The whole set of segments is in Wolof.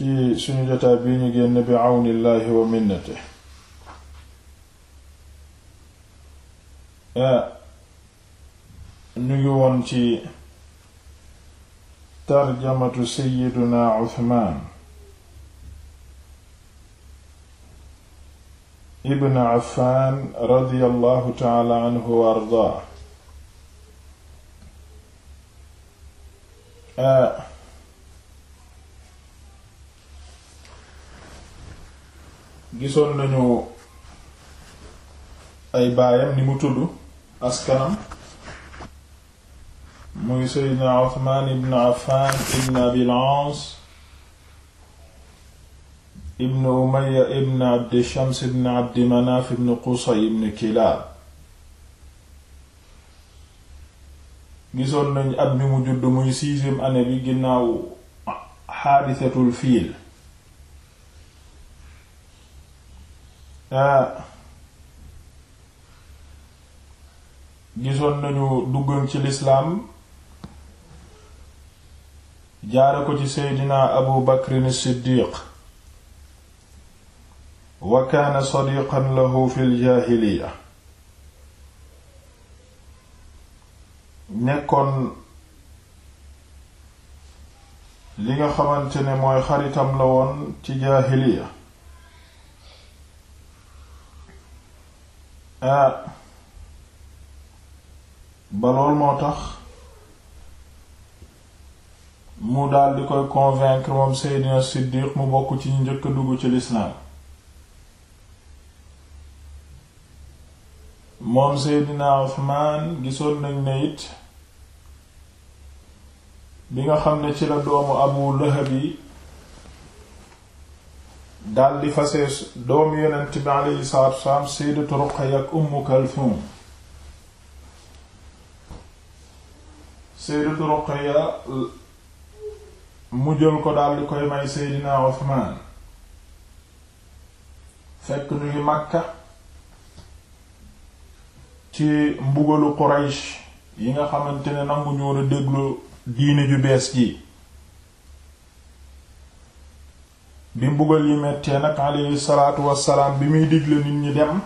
ci suñu jotaa bi ñu génn bi àwnillaahi wa minnate eh, ñu ngi woon ci tarjamatu seyyiduna Uthman ibn Affan radiyallahu taala anhu wa ardaa eh, gisoon nañu ay baayam ni mu tudd askanam muy seydna Usmaan ibn Affaan ibn Abil Aas ibn Umayya ibn Abdi Shams ibn Abdi Manaaf ibn Qusay ibn Kilaab gisoon nañ at mi mu judd muy sixième année ginnaaw xaadisatul fiil Ah. gisoon nañu duggoon ci lislaam jaare ko ci seydina abu bakrin siddiq wa kaana sadiqan lahu fil jaahiliya nekkoon li nga xamante ne mooy xaritam la woon ci jaahiliya Euh, ba lool moo tax mu daldi koy convaincre moom Seydina Siddiq mu bokk ci ñu njëkk a dugg ci lislaam moom Seydina Uthman gisoon nañ ne it bi nga xam ne ci la doomu Abu Lahab yi daal di fase doomu yonent bi aleyhi salaatu wasalaam sayyidatu Ruqayya ak Ummu Kalthum sayyidatu Ruqayya mu jël ko daal di koy may Seydina Usmaan fekk ñu Makka ci mbugalu Quraysh yi nga xamante ne nangu ñoo a déglu diine ju bees ji bi mbugal yi mettee nag aleyhi salaatu wassalaam bi muy digle nit ñi dem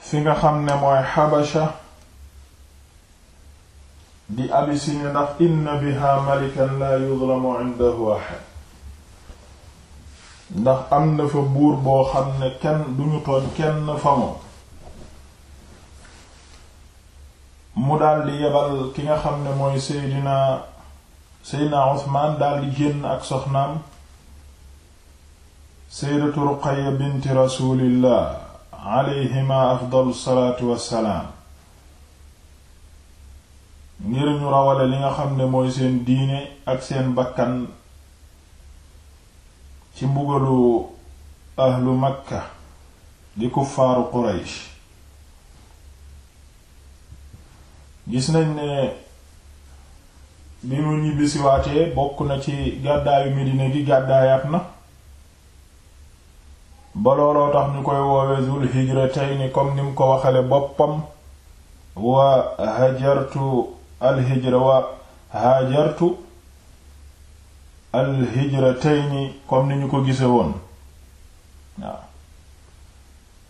fi nga xam ne mooy xabasha di abisini ndax inna biha malikan la yuzlamu ndax am na fa buur boo xam ne kenn duñu tooñ kenn fa moom mu daldi yebal ki nga xam ne mooy seydina seydna Usmaan daldi génn ak soxnaam seydatu Ruqaya bint rasulillah alayhima afdalu salaatu wassalaam ngir ñu rawale li nga xam ne mooy seen diine ak seen bakkan ci mbugalu ahlu makka di kuffaaru Quraysh gis nañ ne bi mu ñibbisiwaatee bokk na ci gàddaayu Medina gi gàddaayaat na ba looloo tax ñu koy woowe zul hijratayni comme ni mu ko waxale boppam wa hajartu alhijra wa hajartu alhijratayni comme ni ñu ko gise woon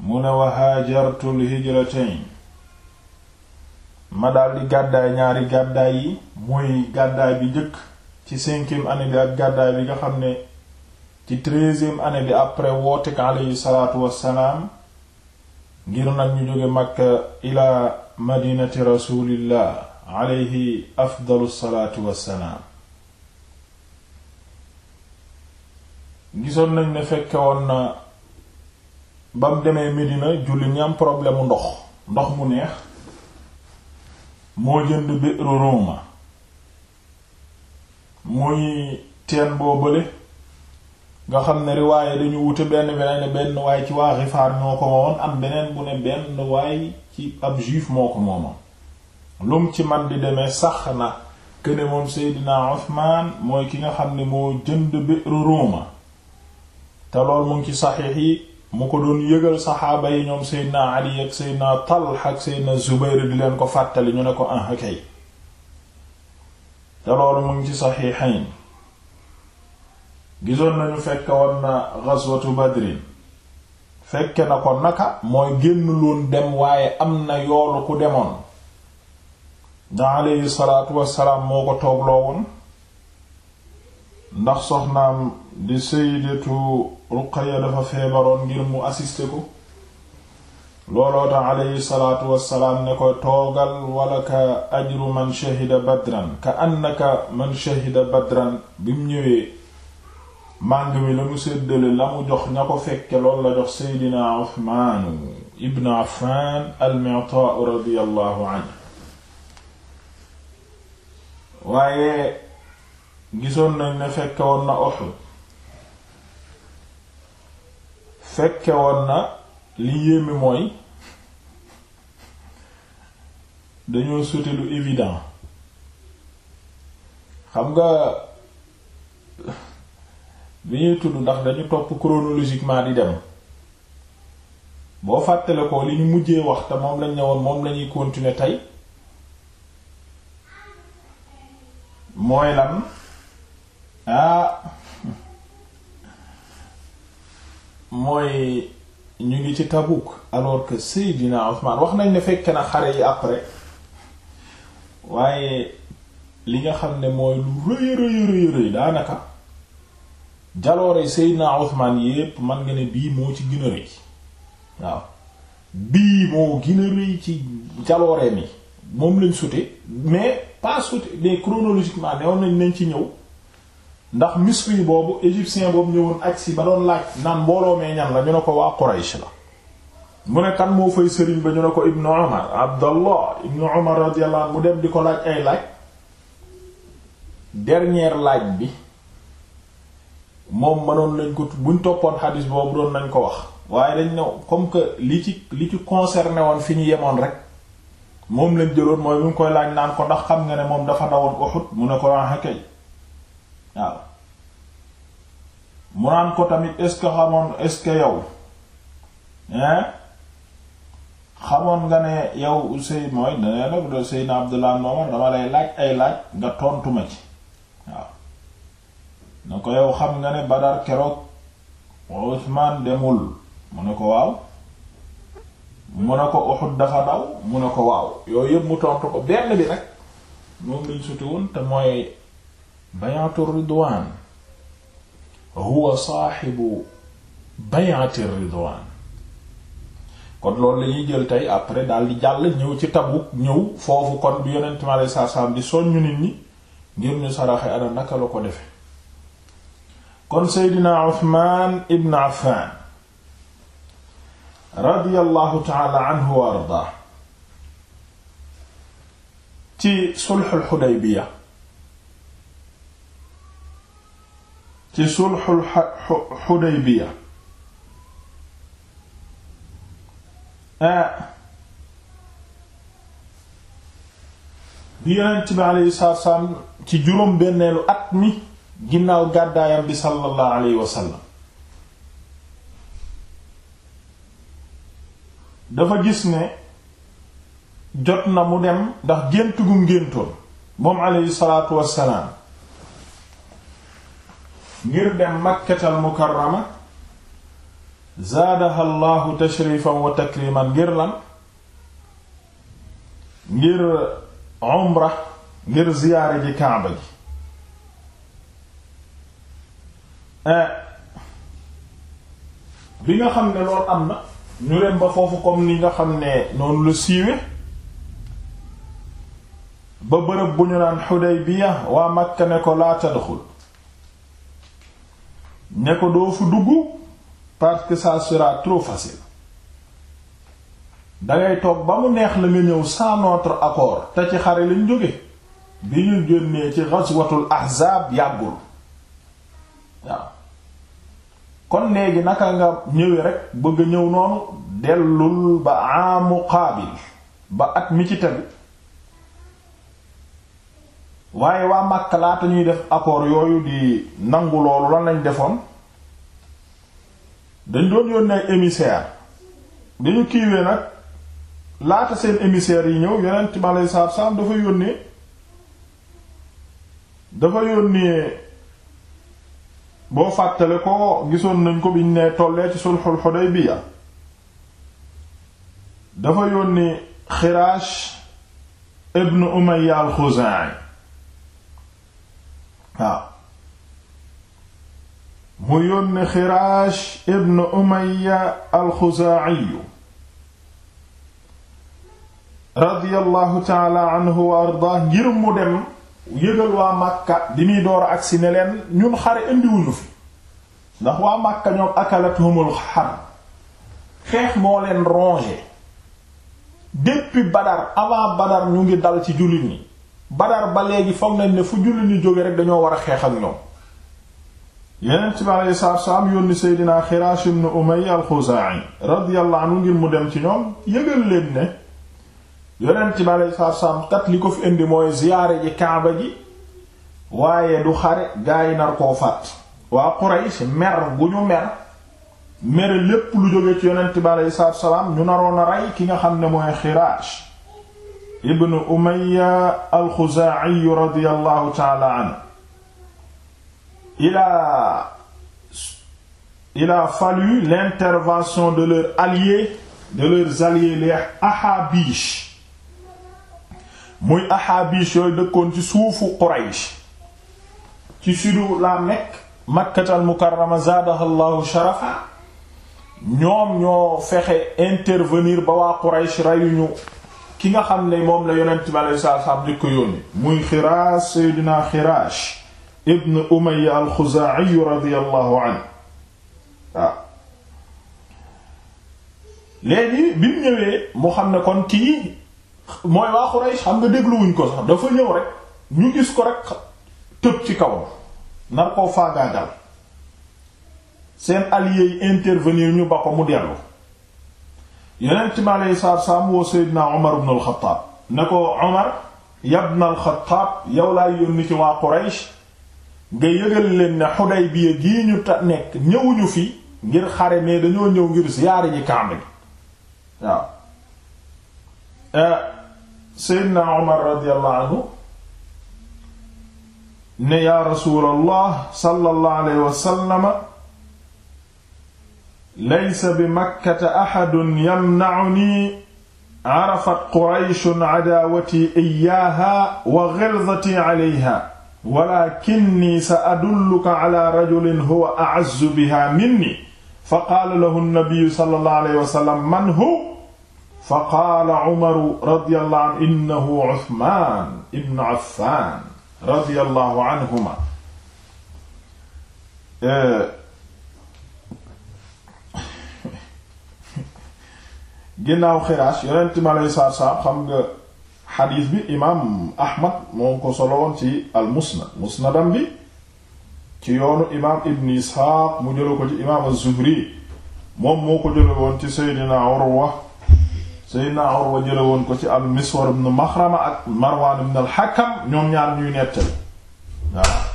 mu ne wa hajartu alhijratayni ma daldi gàddaay ñaari gàddaay yi muy gàddaay bi njëkk ci cinquième année bi ak gàddaay bi nga xam ne ci treizième année bi après wootek aleyhi salaatu wassalaam ngir nag ñu jóge Makka ila madinati rasulillah aleyhi afdalu salaatu wassalaam gisoon nañ ne fekke woon na bam mu demee Medina julli ñam problème mu ndox ndox mu neex moo jënd bi'ru Roma muy teen boobale nga xam ne riwaaye dañu wute benn beneen ne benn waay ci waa Gifaar ñoo ko moomoon am beneen bu ne benn waay ci ab juif moo ko moomoon lum ci man di demee sax na këne moom Seydina Usmaan mooy ki nga xam ne moo jënd bi'ru Roma te lool mu ci saxiix yi mu ko doon yëgal saxaaba yi ñoom seydna ali ak seydna talha ak seydna zubayr di leen ko fàttali ñu ne ko ah kay te loolu mu ngi ci saxiixayn gisoon nañu fekk woon na ghazwatu badrin fekke na ko naka mooy génn loon dem waaye am na yoolu ku demoon daa alayhi salaatu wassalaam moo ko toogloo woon ndax soxnaam di sayyidatu Ruqayya dafa feebaroon ngir mu assister ko looloo ko toogal man shahida badran ka annaka man shahida badran bi mu ñëwee màng mi la mu la mu jox ña ko fekke loolu la jox seydina Uthman ibn Affan al-Mu'ta waaye gisoon nañ ne fekke woon na Uhud fekke woon na li yéeme mooy dañoo sauté lu évident xam nga bi ñuy tudd ndax dañu topp chronologiquement di dem boo fàttale ko li ñu mujjee wax te moom lañ ñëwoon moom lañuy continuer tey mooy lan ah mooy ñu ngi ci Tabuk alors que Seydina Ousmane wax nañ ne fekk na xare yi après waaye li nga xam ne mooy lu rëy rëy rëy rëy daanaka jaloore Seydina Ousmane yépp man nga ne bii moo ci gën a rëy waaw bii moo gën rëy ci jaloore mi moom lañ sute mais pas sute mais chronologiquement newoon nañ nañ ci ñëw ndax misri boobu égyptien boobu ñëwoon agsi ba doon laaj naan mbooloo mee ñan la ñu ne ko waa Quraysh la mu ne kan moo fay sëriñ ba ñu ne ko ibnu Umar Abdallah ibnu Umar radiyallahu anhu mu dem di ko laaj ay laaj dernier laaj bi moom ma mënoon lañ ko buñ toppoon xadis boobu doon nañ ko wax waaye dañ ne comme que li ci li ci concerné woon fi ñu yemoon rek moom lañ jëloon mooy bu ñu koy laaj naan ko ndax xam nga ne moom dafa dawoon Uhud mu ne ko waa ah, kay waaw mu naan ko tamit est que xamoon est-ce que xamoon nga ne yow sëy mooy danee nag do sëyna Abdullah noomar dama lay laaj ay laaj nga tontu ci waaw na ko yow xam nga ne Badar keroog Usmaan demul mu ne ko waaw mu ne ko Uhud dafa daw mu ne ko waaw yooyu yëpp mu tontu ko benn bi nag moom lañ suti te mooy bay'atu ridwaan huwa saaxibu bay'ati ridwaan kon loolu la jël tey après daal di jàll ñëw ci Tabuk ñëw foofu kon bi yonent mi alayhi di soññu nit ñi ngir ñu saraxe ana naka la ko defe kon Seydina Usmaan ibn Affaan radiyallahu ta'ala anhu wa ardaa ci sulhul Hudaybiya ci sulxul xudaybiya bi yonent bi aleyhi salaatu wasalaam ci juróom benneelu at mi ginnaaw gàddaayam bi sallallahu alayhi dafa gis ne jot na mu dem ndax gént gu mu géntoon moom aleyhi salaatu wasalaam ngir dem makkatal mukarrama zaadaha llahu tashrifan wa takriman ngir lan ngir umra ngir ziyaare ji kaaba eh, bi nga xam ne loolu am na ñu dem foofu comme ni nga xam ne noonu la siiwe ba bërëb bu ñu naan Xudaybiya waa Makka ne ko laa tadxul ne ko doo fu dugg parce que ça sera trop facile dangay toog ba mu neex la nga ñëw sans notre accord te ci xare lañ jóge bi ñu génnee ci ghazwatul ahzab yàggul waaw kon léegi naka nga ñëwee rek bëgg ñëw noonu dellul ba amu qaabil ba at mi ci tegu waaye waa Makka laata ñuy def accord yooyu di nangu loolu lan lañ defoon dañ doon yónnee émissaire bi ñu kiiwee nag laata seen émissaires yi ñëw yonent mi aleyhi salaatu salaam dafa yónnee dafa yónnee boo fàttale ko gisoon nañ ko biñ ne tollee ci sulhul Hudaybiya dafa yónnee Xiraash ibn Umayya al-Xuzaa'i waaw mu yónni xiraash ibn umaya alxuzaaciyu radiyallahu taala anhu wa ardaa ngir mu dem yëgal waa màkka di muy door agsi ne leen ñun xare indiwuñu fi ndax waa màkka ñoom akalathumul xarb xeex moo leen rongé depuis badar avant badar ñu ngi dal ci jullit ñi Badar ba léegi foog nañ ne fu julli ñu jóge rek dañoo war a xeexal ak ñoom Yonent bi alayhi salaatu wa salaam yónni Seydina Xiraash ibn Umayya al-Xuzaa'i radiyallahu ngir mu dem ci ñoom yëgal leen ne Yonent bi alayhi salaatu wa salaam tat li ko fi indi mooy ziyaare ji Kaaba ji waaye du xare gaa yi nar koo faat waa Quraysh mer gu ñu mer mere lépp lu jóge ci Yonent bi alayhi salaatu wa salaam ñu naroon a rey ki nga xam ne mooy Xiraash ibn Umayya al-Xuzaa'i radiyallahu ta'ala anhu il a fallu l'intervention de leurs alliés de leurs alliés les Ahabish muy Ahabish yooyu dëkkoon ci suufu Quraysh ci sudu la Mecque Makkatal Mukarrama zaadahallahu sharafa ñoom ñoo fexe intervenir ba waa Quraysh reyuñu ki nga xam ne moom la yonent bi aleyhi salaatu salaam di ko yónni muy xiraas seydina xiraash ibn umaya alxuzaa'i radiyallahu anhu waaw léegi bi ñëwee mu xam ne kon kii mooy waa Quraysh xam nga dégluwuñ ko sax dafa ñëw rek ñu gis ko rek tëb ci kawam nar koo faagaagal seen alliés yi intervenir ñu ba ko mu dellu yonent mi aleyhi salaatu wa salaam woo Seydina Omar ne ko Omar ibn al-Khattab yow laay yónni ci waa Quraysh nga yëgal leen ne Xudaybiya gii ñu ta nekk ñëwuñu fi ngir xare mais dañoo ñëw ngir ziyaare ji Kaaba gi waaw eh, radiyallahu anhu ne yaa rasuulallah sallallahu alayhi laysa bi makkata axadun yamnacunii carafat qurayshun cadaawatii iyaaha wa xildatii calayha walaakinnii sa adulluka calaa rajulin huwa acazzu biha minni faqaala lahu nnabiyu sallallahu alayhi wa sallam man hu faqaala cumaru radiyallahu anhu innahu cuthmaan ibn affaan radiyallahu anhuma eh, ginnaaw xiraas yonent mi aleyhi salaatu salaam xam nga xadiis bi imaam ahmad moo ko solo woon al musnad musnadam bi ci yoonu ibn isxaaq mu jëla ko ci imaam az moom moo ko jëla woon ci seydina urwa seydina urwa woon ko ci al miswar ibn maxrama marwaan ibn al hakam ñoom ñaar ñuy nettali waaw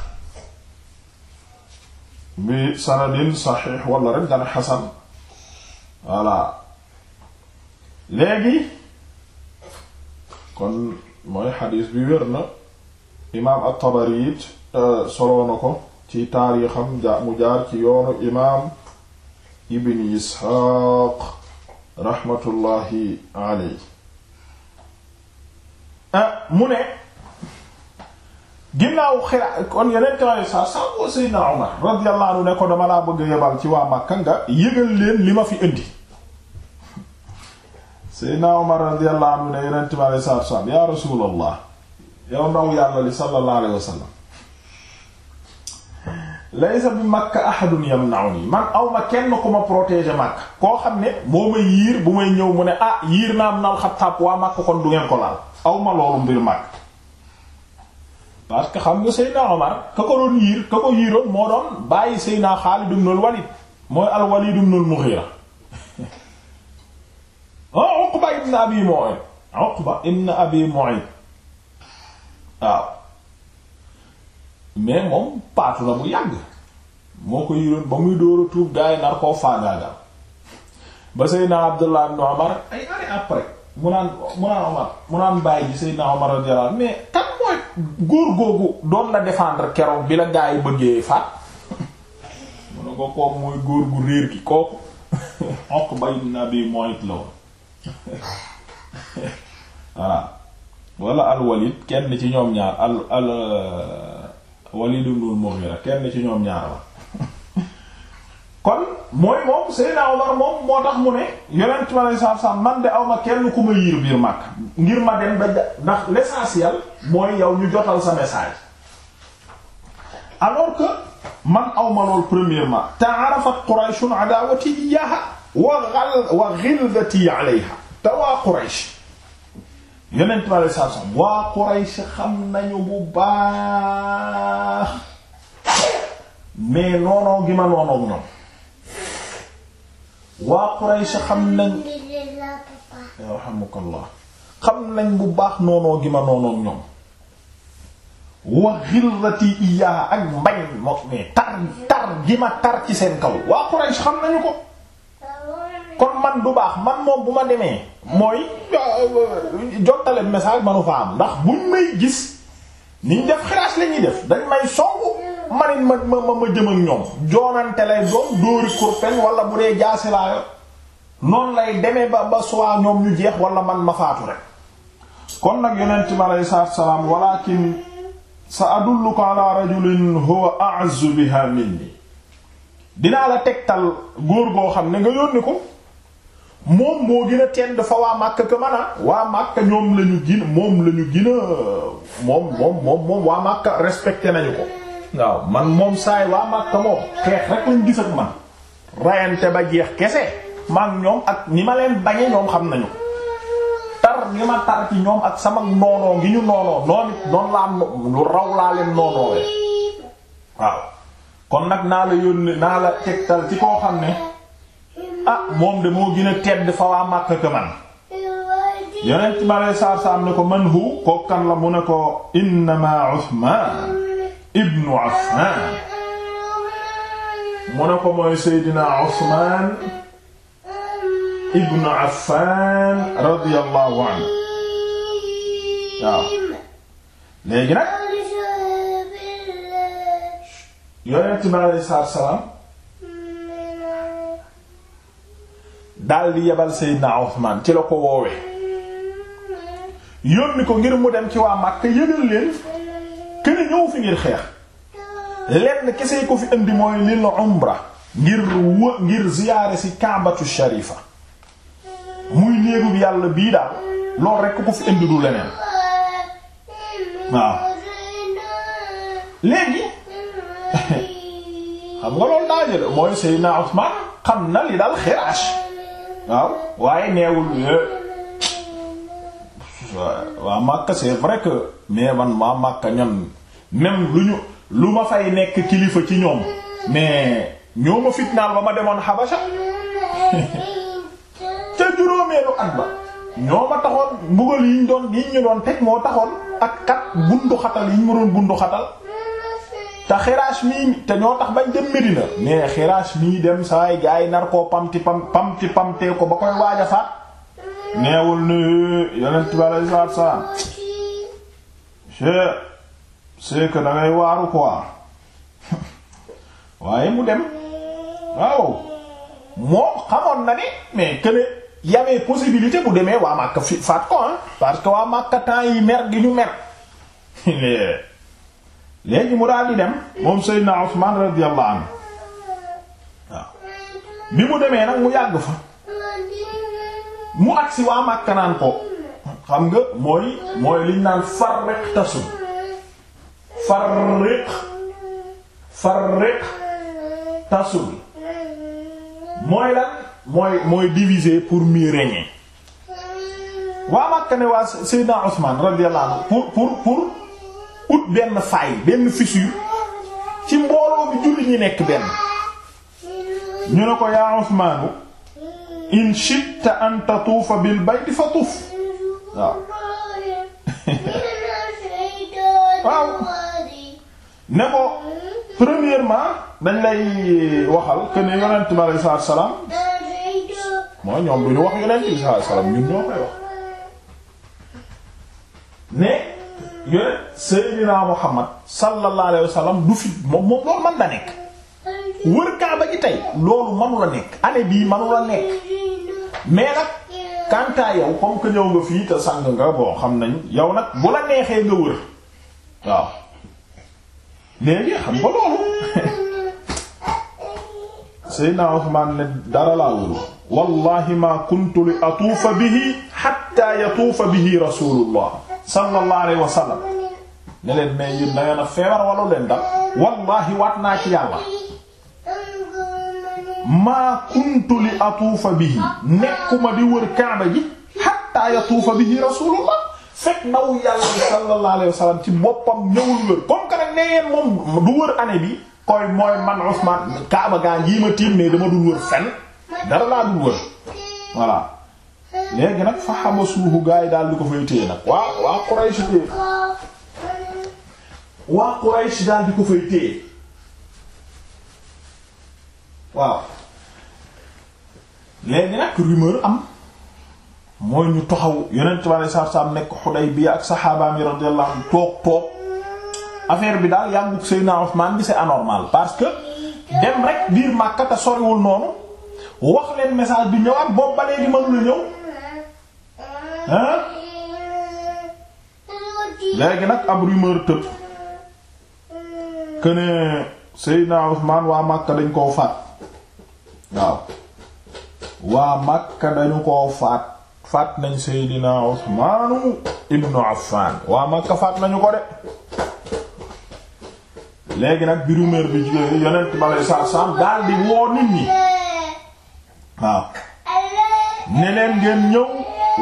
bi sanadin saxiix wala rek dana xasan voilà léegi kon mooy xadiis bi wér na imaam at-Tabari it euh, soloo na ko ci taarixam ja mu jaar ci yoonu imaam ibn Isxaaq raxmatullahi aley euh, mu ne ginnaaw xira kon yeneen tamit saa saa ko Seydina Umar radiyallahu anhu ne ko dama laa bëgg ci waa Makka nga yëgal leen li ma fi indi Seydina Omar radiyallahu anhu ne yonent bi alayhi salaatu wa yaa rasuulallah yow ndaw yàlla li sallallahu alayhi wa laysa bi makka ahadun yamna'uni man aw ma kenn ku ma protéger koo xam ne moo ma yiir bu may ñëw mu ne ah yiir naa am nal waa makka kon du ngeen ko laal aw loolu mbir makka parce que xam nga Seydina Omar ka ko doon yiir ka ko yiiroon moo doon bàyyi Seydina Xaalid ibn al mooy al Walid ibn al ah Uqba ibn Abi ah, ibn Abi Mu'ayt waaw mais moom paatu la bu yàgg moo ko yoroon ba muy dóora tuub gaa nar koo faagaagal ba Seydina Abdullah ibn Umar ay année après mu naan mu naan Umar mu ji Seydina Umar radiyallahu mais kan mooy góor googu doon la défendre keroog bi la gaa bëggee faat mu ne ko kooku mooy góor gu réer gi kooku Uqba ibn Abi Mu'ayt la woon voilà wala al walid kenn ci ñoom ñaar al al euh, walid ibn al-Mughira kenn ci ñoom ñaar la kon mooy moom Seydina Omar moom moo tax mu ne yonent ma lay saaf saaf man de aw ma kenn ku ma yiir biir mag ngir ma dem ba ndax l'essentiel mooy yow ñu jotal sa message alors que man awma lool premièrement ta'arafat Quraysh adawati iyyaha wa xal wa xilzati alayha te waa Quraysh yonent bi alei satu selaam waa Quraysh xam nañu bu baax mais noonoo gi ma noonoog ñoom waa Quraysh xam nañ yarhamukallah xam nañ bu baax noonoo gi ma noonoog ñoom wa xilzati iyaha ak mbañ moo mais tar tar gi ma tar ci seen kaw waa Quraysh xam nañu ko kon man du baax man moom bu ma demee mooy jottale message manu fa am ndax buñ may gis niñ def xiraas la def dañ may songu manit ma ma ma jëm ak ñoom joonante lay doon dóori kurpen wala bu dee jaasi laa noonu lay demee ba ba ñoom ñu jeex wala man ma faatu rek kon nag yonent bi aleyhi salaatu salaam walakin sa adulluka ala rajulin huwa a'zu biha minni dinaa la tegtal góor goo xam ne nga yónni ko moom moo gën a tend waa Makka que man a waa Makka ñoom la ñu gën moom la ñu moom moom moom waa Makka respecté nañu ko waaw man moom saay waa Makka moom xeex rek lañ gis ak man rayante ba jeex kese maak ñoom ak ni ma leen bañe ñoom xam nañu ko tar li ma tar ci ñoom ak sama noonoo ngi ñu noonoo noonu noonu laa lu raw laa leen noonoowee waaw kon nag naa la yónni naa la tegtal ci koo xam ne ah moom de moo gën a tedd fa waa Makka ka man yonent bi aleyhi salaatu salaam ne ko man hu kooku kan la mu ne ko innama Usmaan ibnu Affaan mu ne ko mooy Seydina Usmaan ibnu Affaan radiyallahu anhu waaw léegi nag yonent bi aleyhi salaatu salaam daal di yebal Seydina Ousmane ci la ko woowee yónni ko ngir mu dem ci waa Makka yëgal leen kene ñëw fi ngir xeex lenn kese ko fi indi mooy lil umra ngir wë ngir ziyaare ci Kaabatu Sharifa muy néegub yàlla bii daal loolu rekk ko fi indi du leneen waaw léegi xam nga loolu daa jël mooy Seydina Ousmane xam na li daal xiraash waaw waaye neewul eh, waa Makka c'est vrai que mais man maa Makka ñan même lu ñu lu ma fay nekk kilifa ci ñoom mais ñoo ma fitnaal ba ma demoon Habasha ca juróomeelu at ba ñoo ma taxoon mbugal yi ñu doon yi ñu doon teg moo taxoon ak kat bundu xatal yi ñu ma doon bundu te xiraas mii te ñoo tax bañ dem Medina mais xiraas mii dem saay gaa yi nar koo pamti pam pamti pamtee ko ba koy waaj a faat neewul ne yonent bi aleyhi salaatu salaam c'est c'est que da ngay waaru quoi waaye mu dem waaw moom xamoon na ne mais que ne possibilité bu demee waa Makka fi faat ko parce que waa Makka temps yi mer gi ñu mer. léegi mu daal di dem moom Seydina Usmaan radiyallahu anhu waaw bi mu demee nag mu yàgg fa mu agsi waa Makka naan ko xam nga mooy mooy liñ naan farriq tasul farriq farriq tasul mooy lan mooy mooy diviser pour mieux régner waa Makka ne waa Seydina Usmaan radiyallahu anhu pour pour pour ut benn faay benn fissure ci mbooloo bi julli ñi nekk benn ñu ne ko yaa Usmaanu in shi'ta an tatuufa bil bayti fa tuuf waaw ne ko premièrement dañ lay waxal que ne yonent bi alayhi salaatu salaam mooy ñoom du ñu wax yonent bi alayhi salaatu salaam ñun ñoo koy wax mais yooyu Seydina Muhammad sallallahu alayhi wa sallam du fi moom moom loolu man da nekk wër Kaaba ji tey loolu manu la nekk année bii manu la nekk mais nag kantaa yow comme que ñëw nga fii te sàng nga la neexee nga wër waaw léegi xam nga loolu Seydina Usmaan ne dara laa wëru wallahi ma kuntu li atuufa bihi hatta yatuufa bihi rasulullah sallallahu alayhi wa sallam ne leen mais a feebar wala leen dal wallahi waat naa ci yàlla maa kuntu li atuufa bihi nekkuma di wër kaaba ji hatta yatuufa bihi rasulullah fekk ndaw yàlla bi sallallahu alayhi wa sallam ci boppam ñëwul wër comme que nee ngeen moom du wër année bi koy mooy man Ousmane kaaba gaa ngi tiim ne dama dul wër fenn dara laa dul wër voilà léegi nag fa xama suuxu gaa yi daal di ko fay téye nag waa waa Quraysh téye waa Quraysh daal di ko fay téye waaw léegi nag rumeur am mooy ñu taxaw yonent bi alei satu salaam nekk Xudaybiya ak saxaabaam yi radiyallahu toog toog affaire bi daal yàggug Seydina Usmaan bi c'est anormal parce que dem rek biir Makka te soriwul noonu wax leen message bi ñëwaat boobu ba léegi mënu la ñëw hein léegi nag ab rumeur tëb këne Seydina Usmaan waa Makka dañ koo faat waaw waa Makka dañu koo faat faat nañ Seydina Usmaanu ibnu Affaan waa Makka faat nañu ko de léegi nag bi rumeur bi jigéen yonent ba lay saar daal di woo nit ñi waaw ne ngeen ñëw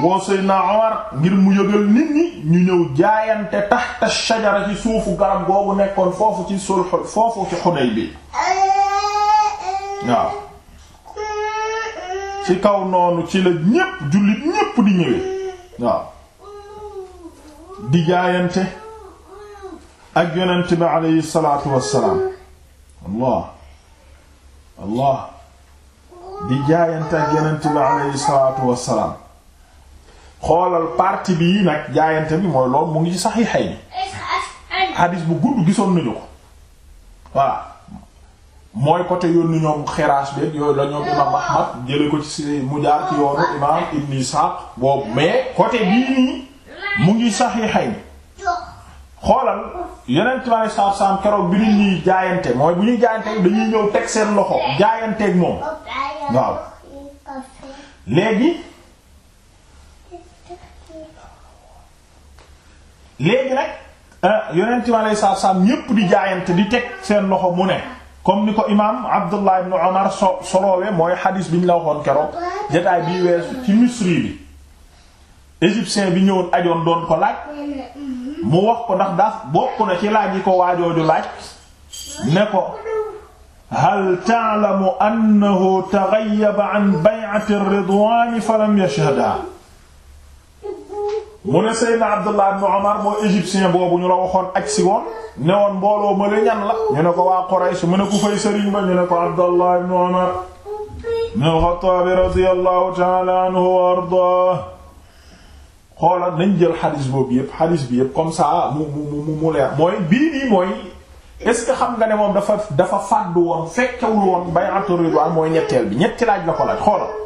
woo Seydina Omar ngir mu yëgal nit ñi ñu ñëw jaayante taxta shajara ci suufu garab googu nekkoon foofu ci sulh foofu ci Hudaybi waaw ci kaw noonu ci la ñépp jullit ñépp di ñëwee waaw di jaayante ak yonent bi aleyhi salaatu wassalaam xoolal partie bii nag jaayante bi mooy lool mu ngi sax ci xay ni xadis bu gudd gisoon nañu ko waa mooy côté yoonu ñoom xiraas beeg yooyu la ñoom imam Ahmad jële ko ci mu jaar ci yoonu imam Ibn Ishaq boobu mais côté bii nii mu ngi saxiixay ni xoolal yeneen tubaab saaf saaf keroog bi nit ñuy jaayante mooy bu ñuy jaayante dañuy ñëw teg seen loxo jaayanteeg moom waaw léegi. léegi nag euh, yonent mi alayhi salaatu salaam ñépp di jaayante di teg seen loxo mu ne comme ni ko imaam Abdullah ibn Umar so soloowe mooy xadiis biñ la waxoon keroog jotaay bii weesu ci misri bi égyptien bi ñëwoon ajoon doon ko laaj mu wax ko ndax daaf bokk na ci laaj yi ko waajooju laaj ne ko hal ta'lamu annahu taghayyaba an bay'ati ar-ridwan falam yashhadha mu ne Seydina Abdullah ibn Omar moo égyptien boobu ñu la waxoon aj si woon ne woon mbooloo ma la ñan la ñu ne ko waa Quraysh mu ne ku fay sëriñ ba ñu ne ko Abdullah ibn Omar ibn al-Khattab radiyallahu ta'ala anhu wa ardaah xoola jël xadis boobu yëpp xadis bi yëpp comme ça mu mu mu mu leer mooy bii nii mooy est-ce que xam nga ne moom dafa dafa fàddu woon fekkewul woon bay'atu ridwaan mooy ñetteel bi ñetti laaj la ko laaj xoolal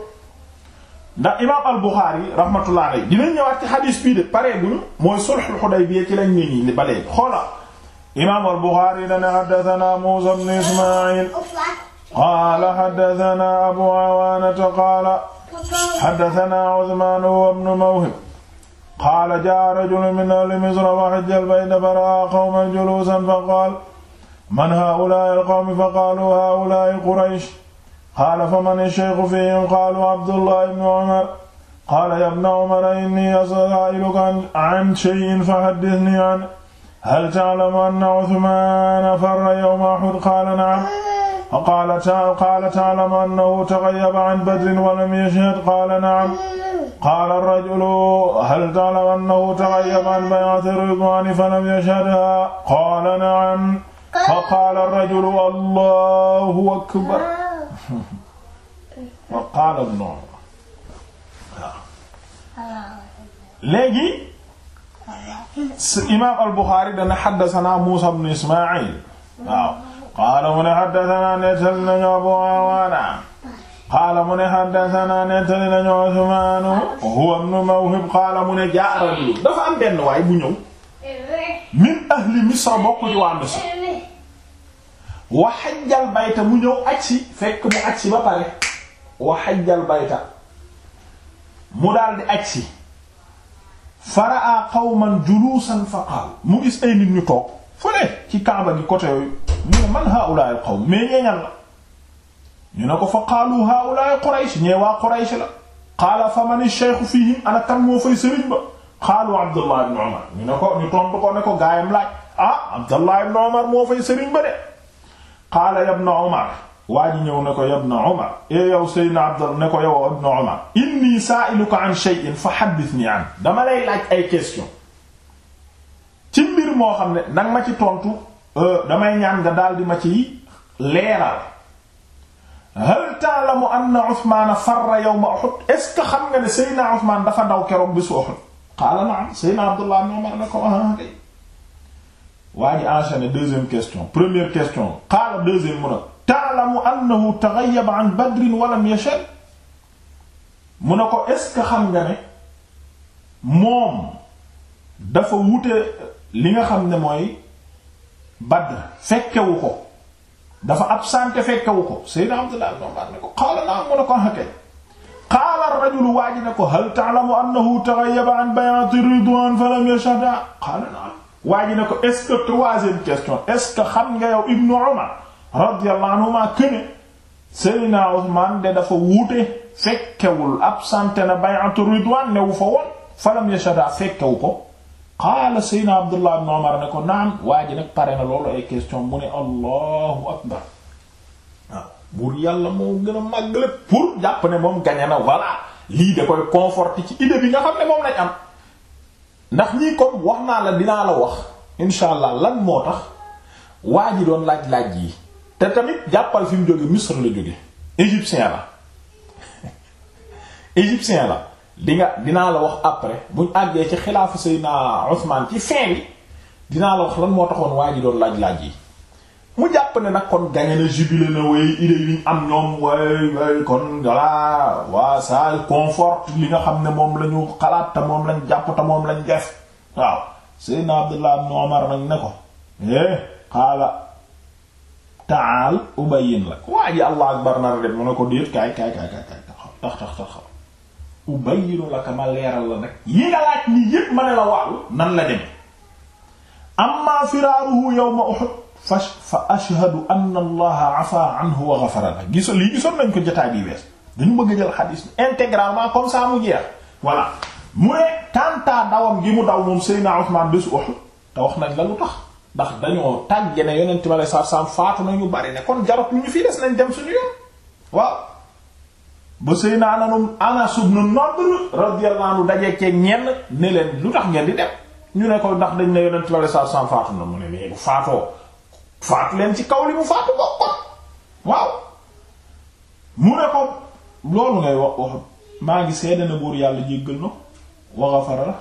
ndax imaam al-Bukhari rahmatullah alayhi dinañ ñëwaat ci xadiis bii de paree buñu mooy sulhul Hudaybiya ci lañ nit ñi ba léegi xoola imaam al-Bukhari dana haddathana Muusaa ibn Ismaa'il qaala haddathana Abu Awaana qaala haddathana Usmaan ibn Mawhib qaala jaa'a rajulun min ahli Misra wa hajja al-bayta fara'a qawman juluusan faqaala man haa'ulaa'i al-qawm faqaaluu haa'ulaa'i Quraysh qaala faman ash-shaykhu fihim qaalu Abdullah ibn Umar qaala ya ibna Umar inni as'aluka an shay'in fahaddithni anhu hal ta'lamu anna Uthmaana farra yawma Uhud qaala na'am qaala ta'lamu annahu taghayyaba an Badrin wa lam yashhad qaala na'am qaala ar-rajulu hal ta'lamu annahu taghayyaba an bay'ati ar-ridwaani fa lam yashhadhaa qaala na'am fa qaala ar-rajulu Allahu akbar wa qaala Ibn Umar léegi imaam al dana xaddasanaa Muusaa ibn Ismaayil waaw qaala mu ne xaddasanaa nettali nañu Abuu Awaana qaala mu ne xaddasanaa nettali nañu Usmaan huwa ibnu Mawhib qaala mu ne jaa'a dafa am benn waay bu ñëw min ahli Misra bokk ci waa Misra wa hajjal mu ñëw aj fekk mu aj si wa xajjal bayta mu daal di agsi faraa qawman juluusan fa qaal mu gis ay nit ñu toog fële ci kaaba gi côté yooyu mu ne man haa'ulaa'i al-qawm mais ñeeñal la ñu ne ko fa qaalu haa'ulaa'i Quraysh ñee waa Quraysh la qaala fa man ash-shaykhu fiihim ana kan moo fay sëriñ ba qaalu Abdullah ibn Umar ñu ne ko ñu tontu ko ne ko gaayam laaj ah Abdullah ibn Umar moo fay sëriñ ba de qaala ya ibn Umar waa ji ñëw ne ko yabna Umar e eh yow Seydina Abdallah ne ko yow ibn Umar inni sa'iluka an shay'in fa haddithni an dama lay laaj ay question ci moo xam ne nag ma ci tontu euh, damay ñaan daal di ma ci leeral hal ta'lamu anna Usmaan farra yawma Uhud est-ce que xam nga ne Seydina Usmaan dafa daw keroog bisu Uhud qaala na'am Seydina Abdallah ibn Umar ne ko ah kay waa ji enchaîné deuxième question première question qaala deuxième mu ne ta'lamu annahu taghayyaba an badrin wa lam yashhad mu ne ko est-ce que xam nga ne moom dafa wute li nga xam ne mooy Badr fekkewu ko dafa absenté fekkewu ko Seydina Abdullah ibn Umar ne ko qaala naa mu ne ko hakay ah, qaala ar-rajulu waa ji ne ko hal ta'lamu annahu taghayyaba an bay'ati ridwan fa lam yashhad qaala naa waa ji ne ko est-ce que troisième question est-ce que xam nga yow Ibnu Umar radiyallahu anhuma këne Seydina Usmaan de dafa wuute fekkewul absente na bay'atu ridwaan newu fa woon falam yashada fekkewu ko qaala Seydina Abdullah ibn Umar ne ko naam waa ji nag pare na loolu ay question mu ne allahu akbar waaw buur yàlla moo gën a màgg lépp pour jàpp ne moom gañe na voilà lii da koy conforter ci idée bi nga xam ne moom lañ am ndax ñii comme wax naa la dinaa la wax insha allah lan moo tax waa ji doon laaj-laaj yi te tamit jàppal fi mu jóge Misr la jóge égyptien la égyptien la dinga dinaa la wax après buñ àggee ci xilaafu naa Ousmane ci fin dinaa la wax lan moo taxoon waa ji doon laaj-laaj yi mu jàpp ne nag kon gañe na jubile na way idée yi am ñoom way way kon voilà waa ça conforte li nga xam ne moom lañu xalaat te moom lañ jàpp te moom lañ def waaw Seydina Abdullah ibn Umar nañ ne ko é eh, xaala taal ubayin lak waa ji allah akbar nar dem mu ne ko déet kaay kaay kaay kaay kaay tax tax tax tax ubayinu laka ma leeral la nag yi nga laaj ni yépp ma ne la waaw nan la dem amma firaaruhu yawma uhud fa ashhadu anna allaha afa anhu wa ghafara la gis lii gisoon nañ ko jotaay bi wees dañu bëgg jël xadiis intégralement comme ça mu jeex voilà mu ne tàntaa dawam gi mu daw moom Seydina Usmaan bésu Uhud te wax nañ la lu tax ndax dañoo tàgge ne yonent bi aleyhi salaatu faatu na ñu bari ne kon jarot lu ñu fi des nañ dem suñu yoon waaw ba sëy naa nanum Anas ibn Nadr radiyallahu anhu dajeekee ñenn ne leen lu tax ngeen di dem ñu ne ko ndax dañ ne yonent bi aleyhi salaatu faatu na mu ne nee bu faatoo faatu leen ci kaw li mu faatu bokkoon waaw mu ne ko loolu ngay wax wax maa ngi seede na buur yàlla jéggal na ko wa ghafara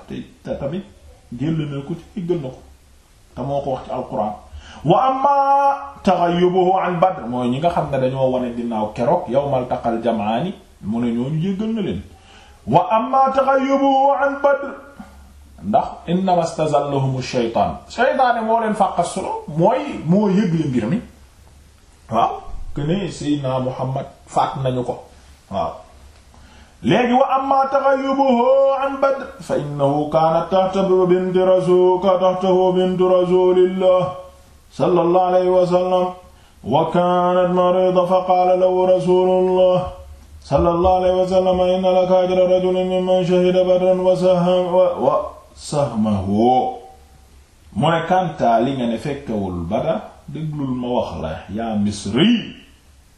tamit jël na ko ci jéggal na ko te moo ko wax ci alquran wa amma taghayyubuhu an badr moo ñi nga xam ne dañoo wane ginnaaw keroog yawmal jam jamaani mu ne ñooñu jéggal na leen wa amma taghayyubuhu an badr ndax innama stazallahum shaytaan shaytaane moo leen fàqa solo mooy moo yëgle mbir mi waaw que ne Seydina Muhammad faat nañu ko waaw léegi wa amma taghayyubuhu an Badr fa innahu kaanat tahta binti rasul ka tahtahu bintu rasulillah sallallahu alayhi wa sallam wa kaanat marida fa qaala lahu rasulullah sallallahu alayhi wa sallam inna laka ajra rajulin mimman shahida badran wa sahmahu mu ne kantaa li nga ne fekkewul Badr déglul ma wax la yaa Misri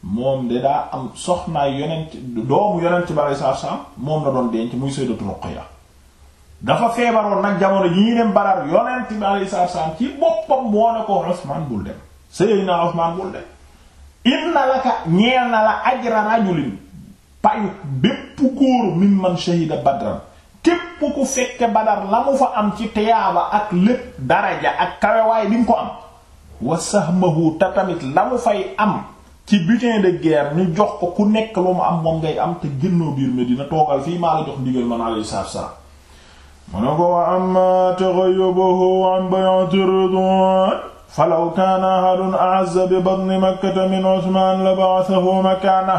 moom de daa am soxnaay yonent doomu yonent ba saa saam moom la doon denc muy Sayyidatu Ruqayya dafa feebaroon nag jamono yi ñu dem barar yonent bi saa saam ci boppam moo ne ko Usmaan bul dem Sayyidina Usmaan bul dem inna laka ñeel na la ajra rajulin payu bépp góor mimman shahida badran képp ku fekke badar la mu fa am ci teyaaba ak lépp daraja ak kawewaay li nga ko am wa sahmahu ta tamit la mu fay am ci butin de guerre ñu jox ko ku nekk lu mu am moom ngay am te génnoo biir Medina toogal fii maa la jox ndigal man alayhi salaatu mu ne ko wa amma taghayyubuhu an bay'ati ridwan falaw kaana ahadun a'azza bi batni makkata min Usman la ba'athahu makana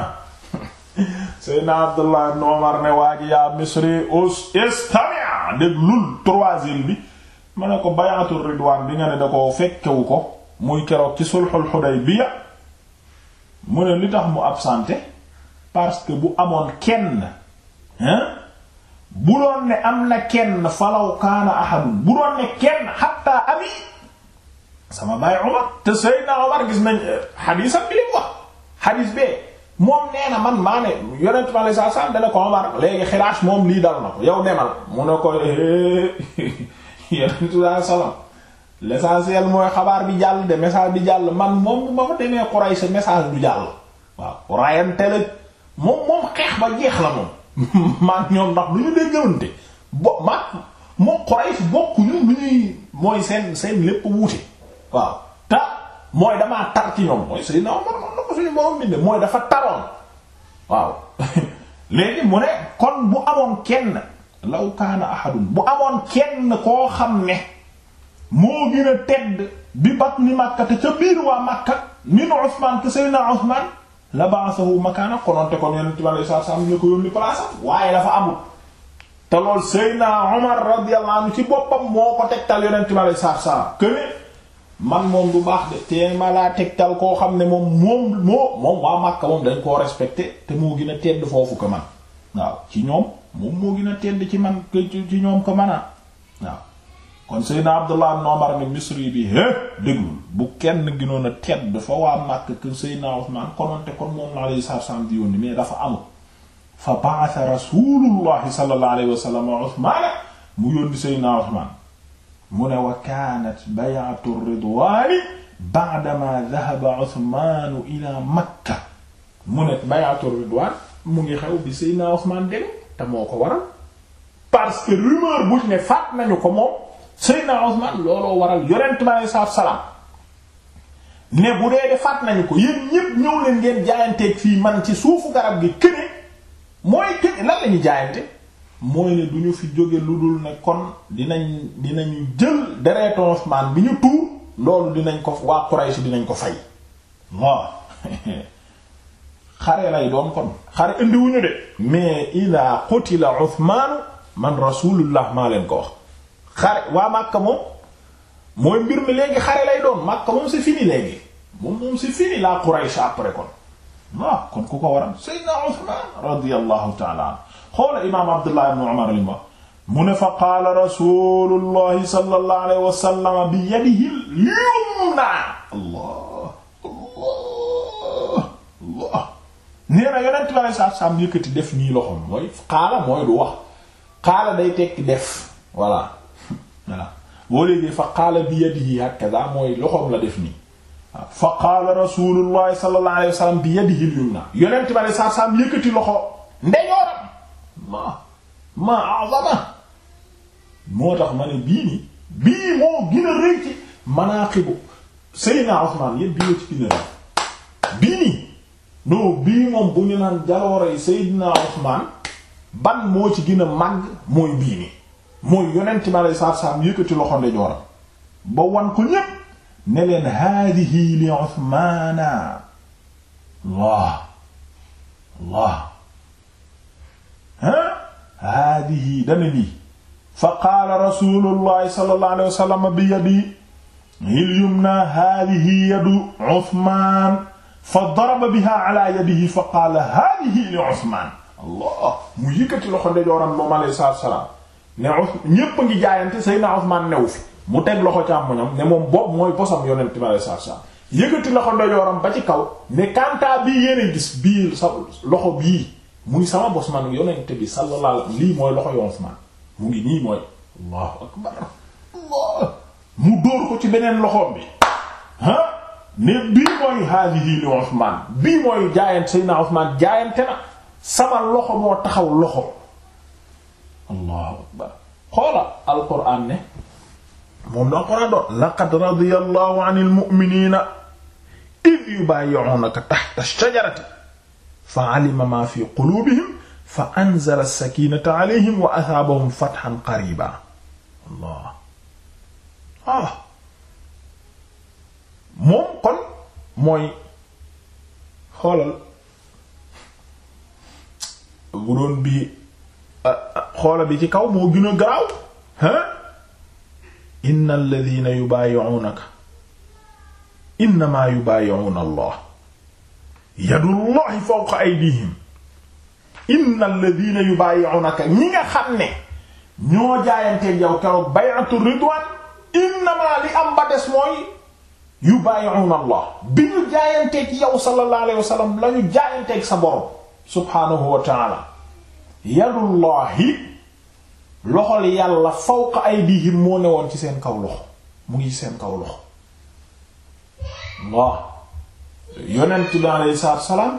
Seydina Abdullah ibn ne waa ji Misri us istami' déglul troisième bi ma ne ko bay'atu ridwan bi nga ne da ko fekkewu ko muy keroog ci sulhul Hudaybiya mu ne li tax mu absenté parce que bu amoon kenn hein bu doon ne am na kenn falaw kaan ahadun bu doon ne kenn hatta abi sama baay Umar te Seydina Umar gis nañ xadiisam euh, bi lim wax xadiis bee moom nee na man maa ne yonent bi alei sat salaam dana ko Umar léegi xiraas moom lii dal na ko yow demal mu ne ko eh, yonent bi alei l'essentiel mooy xabaar bi jàll de message bi jàll man moom ma ko demee Quraysh message du jàll waaw rayante la moom moom xeex ba jeex la moom man lu mooy ko suñu borom binde mooy dafa taroon waaw léegi mu ne kon bu amoon kenn law kaana ahadun bu amoon kenn koo xam ne moo gën a tedd bi batni Makka te ca biir waa Makka min Usman te Seydina Usman la ba'athahu makaana kononte kon yonent bi alayhi salaatu ñu ko yónni place waaye dafa amul te lool Seydina Umar radiyallahu anhu ci boppam moo ko tegtal yonent bi alayhi salaatu salaam këne man moom bu baax de te ma laa tegtal koo xam ne moom moom moo moom waa Makka moom dañ koo respecté te moo gën a tedd foofu ko man waaw ci ñoom moom moo gën tedd ci man ci ñoom ko man waaw kon Seydina Abdullah ibn Umar ne misri bi hé déglul bu kenn ginoon a tedd dafa waa Makka que Seydina Usmaan konoonte kon moom la alayhi di yónni mais dafa amul fa ba'atha rasulullahi sallallahu alayhi wa sallam Usmaan mu yónni Seydina Usmaan mu ne wa kaanat bay'atu ridwaani ridwaan mu ngi xew bi Seydina Usmaan dem te moo ko waral parce que bu ne faat nañu ko moom Seydina Usmaan looloo waral yonent bi aleyhi salaam ne bu dee de faat nañu ko yéen ñépp ñëw leen ngeen jaayanteeg fii man ci suufu garab gi këne mooy këne lan lañu jaayante mooy ne du ñu fi jóge lu dul ne kon dinañ dinañu jël deretu Usmaan bi ñu tuur loolu dinañ ko waa Quraysh dinañ ko fay waaw xare lay doon kon xare indiwuñu de mais ila qutila Usmaan man rasulullah maa leen ko wax waa Makka moom mooy mbir mi xare lay doon Makka moom c'est fini léegi moom moom c'est fini la Quraysh après kon waaw kon ku ko waral Seydina Usman radiyallahu ta'ala li bi yumna Allah Allah Allah nee na yonent bi alayhi salaatu salaam yëkkati def nii loxom mooy qaala mooy du wax qaala day tekki def voilà waaw boo léegi fa qaala bi yadihi hakaza mooy loxoom la def nii fa qaala rasulullahi sallallahu alayhi wa sallam bi yadihi al-yumna yonent ba ne saa saam yëkkati loxo ndeyooram ma ma azama moo tax ma ne bii nii bii moo gën rëy ci manaaqibu Seydina Usmaan yépp bii ci gën rëy bii nii non bii moom bu ñu naan jaloorey Seydina Usmaan ban moo ci gën a mooy bii nii mooy yonent bi aleyhi salaatu salaam yëkkati loxo ndeyjooram ba wan ko ñépp ne leen haadihi li Usmaana Allah Allah ha haadihi dana lii fa qaala rasuulullahi sallallahu alayhi wa sallam bi yadi hil yumna haadihi yadu Usmaan fa daraba biha ala yadihi fa qaala haadihi li Usmaan Allah mu yëkkati loxo ndeyjooram moom aleyhi salaatu salaam ne ñépp a ngi jaayante Seydina Usmaan newu fi mu teg loxo càmmoñam ne moom boobu mooy bosam yonent bi alayhi salaatu salaam yëkkati loxo ndeyooram ba ci kaw ne kantaa bi yéen gis bii sa loxo bii muy sama bos man yonent bi sallallahu lii mooy loxo yu Usmaan mu ngi nii mooy allahu akbar allah mu dóor ko ci beneen loxoom bi ah ne bii mooy haadihi li Usmaan bii mooy jaayante Seydina Usmaan jaayante na sama loxo moo taxaw loxo allahu akbar xoola alquran ne moom la alquran doon laqad radiyallahu anil mu'minina id yubayi'unaka tahta ash-shajarati fa'alima ma fi qulubihim fa anzala as-sakinata alayhim wa athaabahum fathan qariba allah ah moom kon mooy xoolal bu doon bii xoola bi ci kaw moo gën a garaaw ah inna alladina yubaayi'unaka innama yubaayi'una allah yadullahi fawqa aydihim inna alladina yubaayi'unaka ñi nga xam ne ñoo jaayanteeg yow keroog bay'atu ridwaan innama li am ba des mooy yubaayi'una allah bi ñu jaayanteeg yow sallallahu alayhi wa sallam la ñu jaayanteeg sa borom subhaanahu wa ta'ala yadullahi loxol yàlla fawqa aydihim moo woon ci seen kaw loxo mu ngi seen kaw loxo waaw yonent bi alayhi salaatu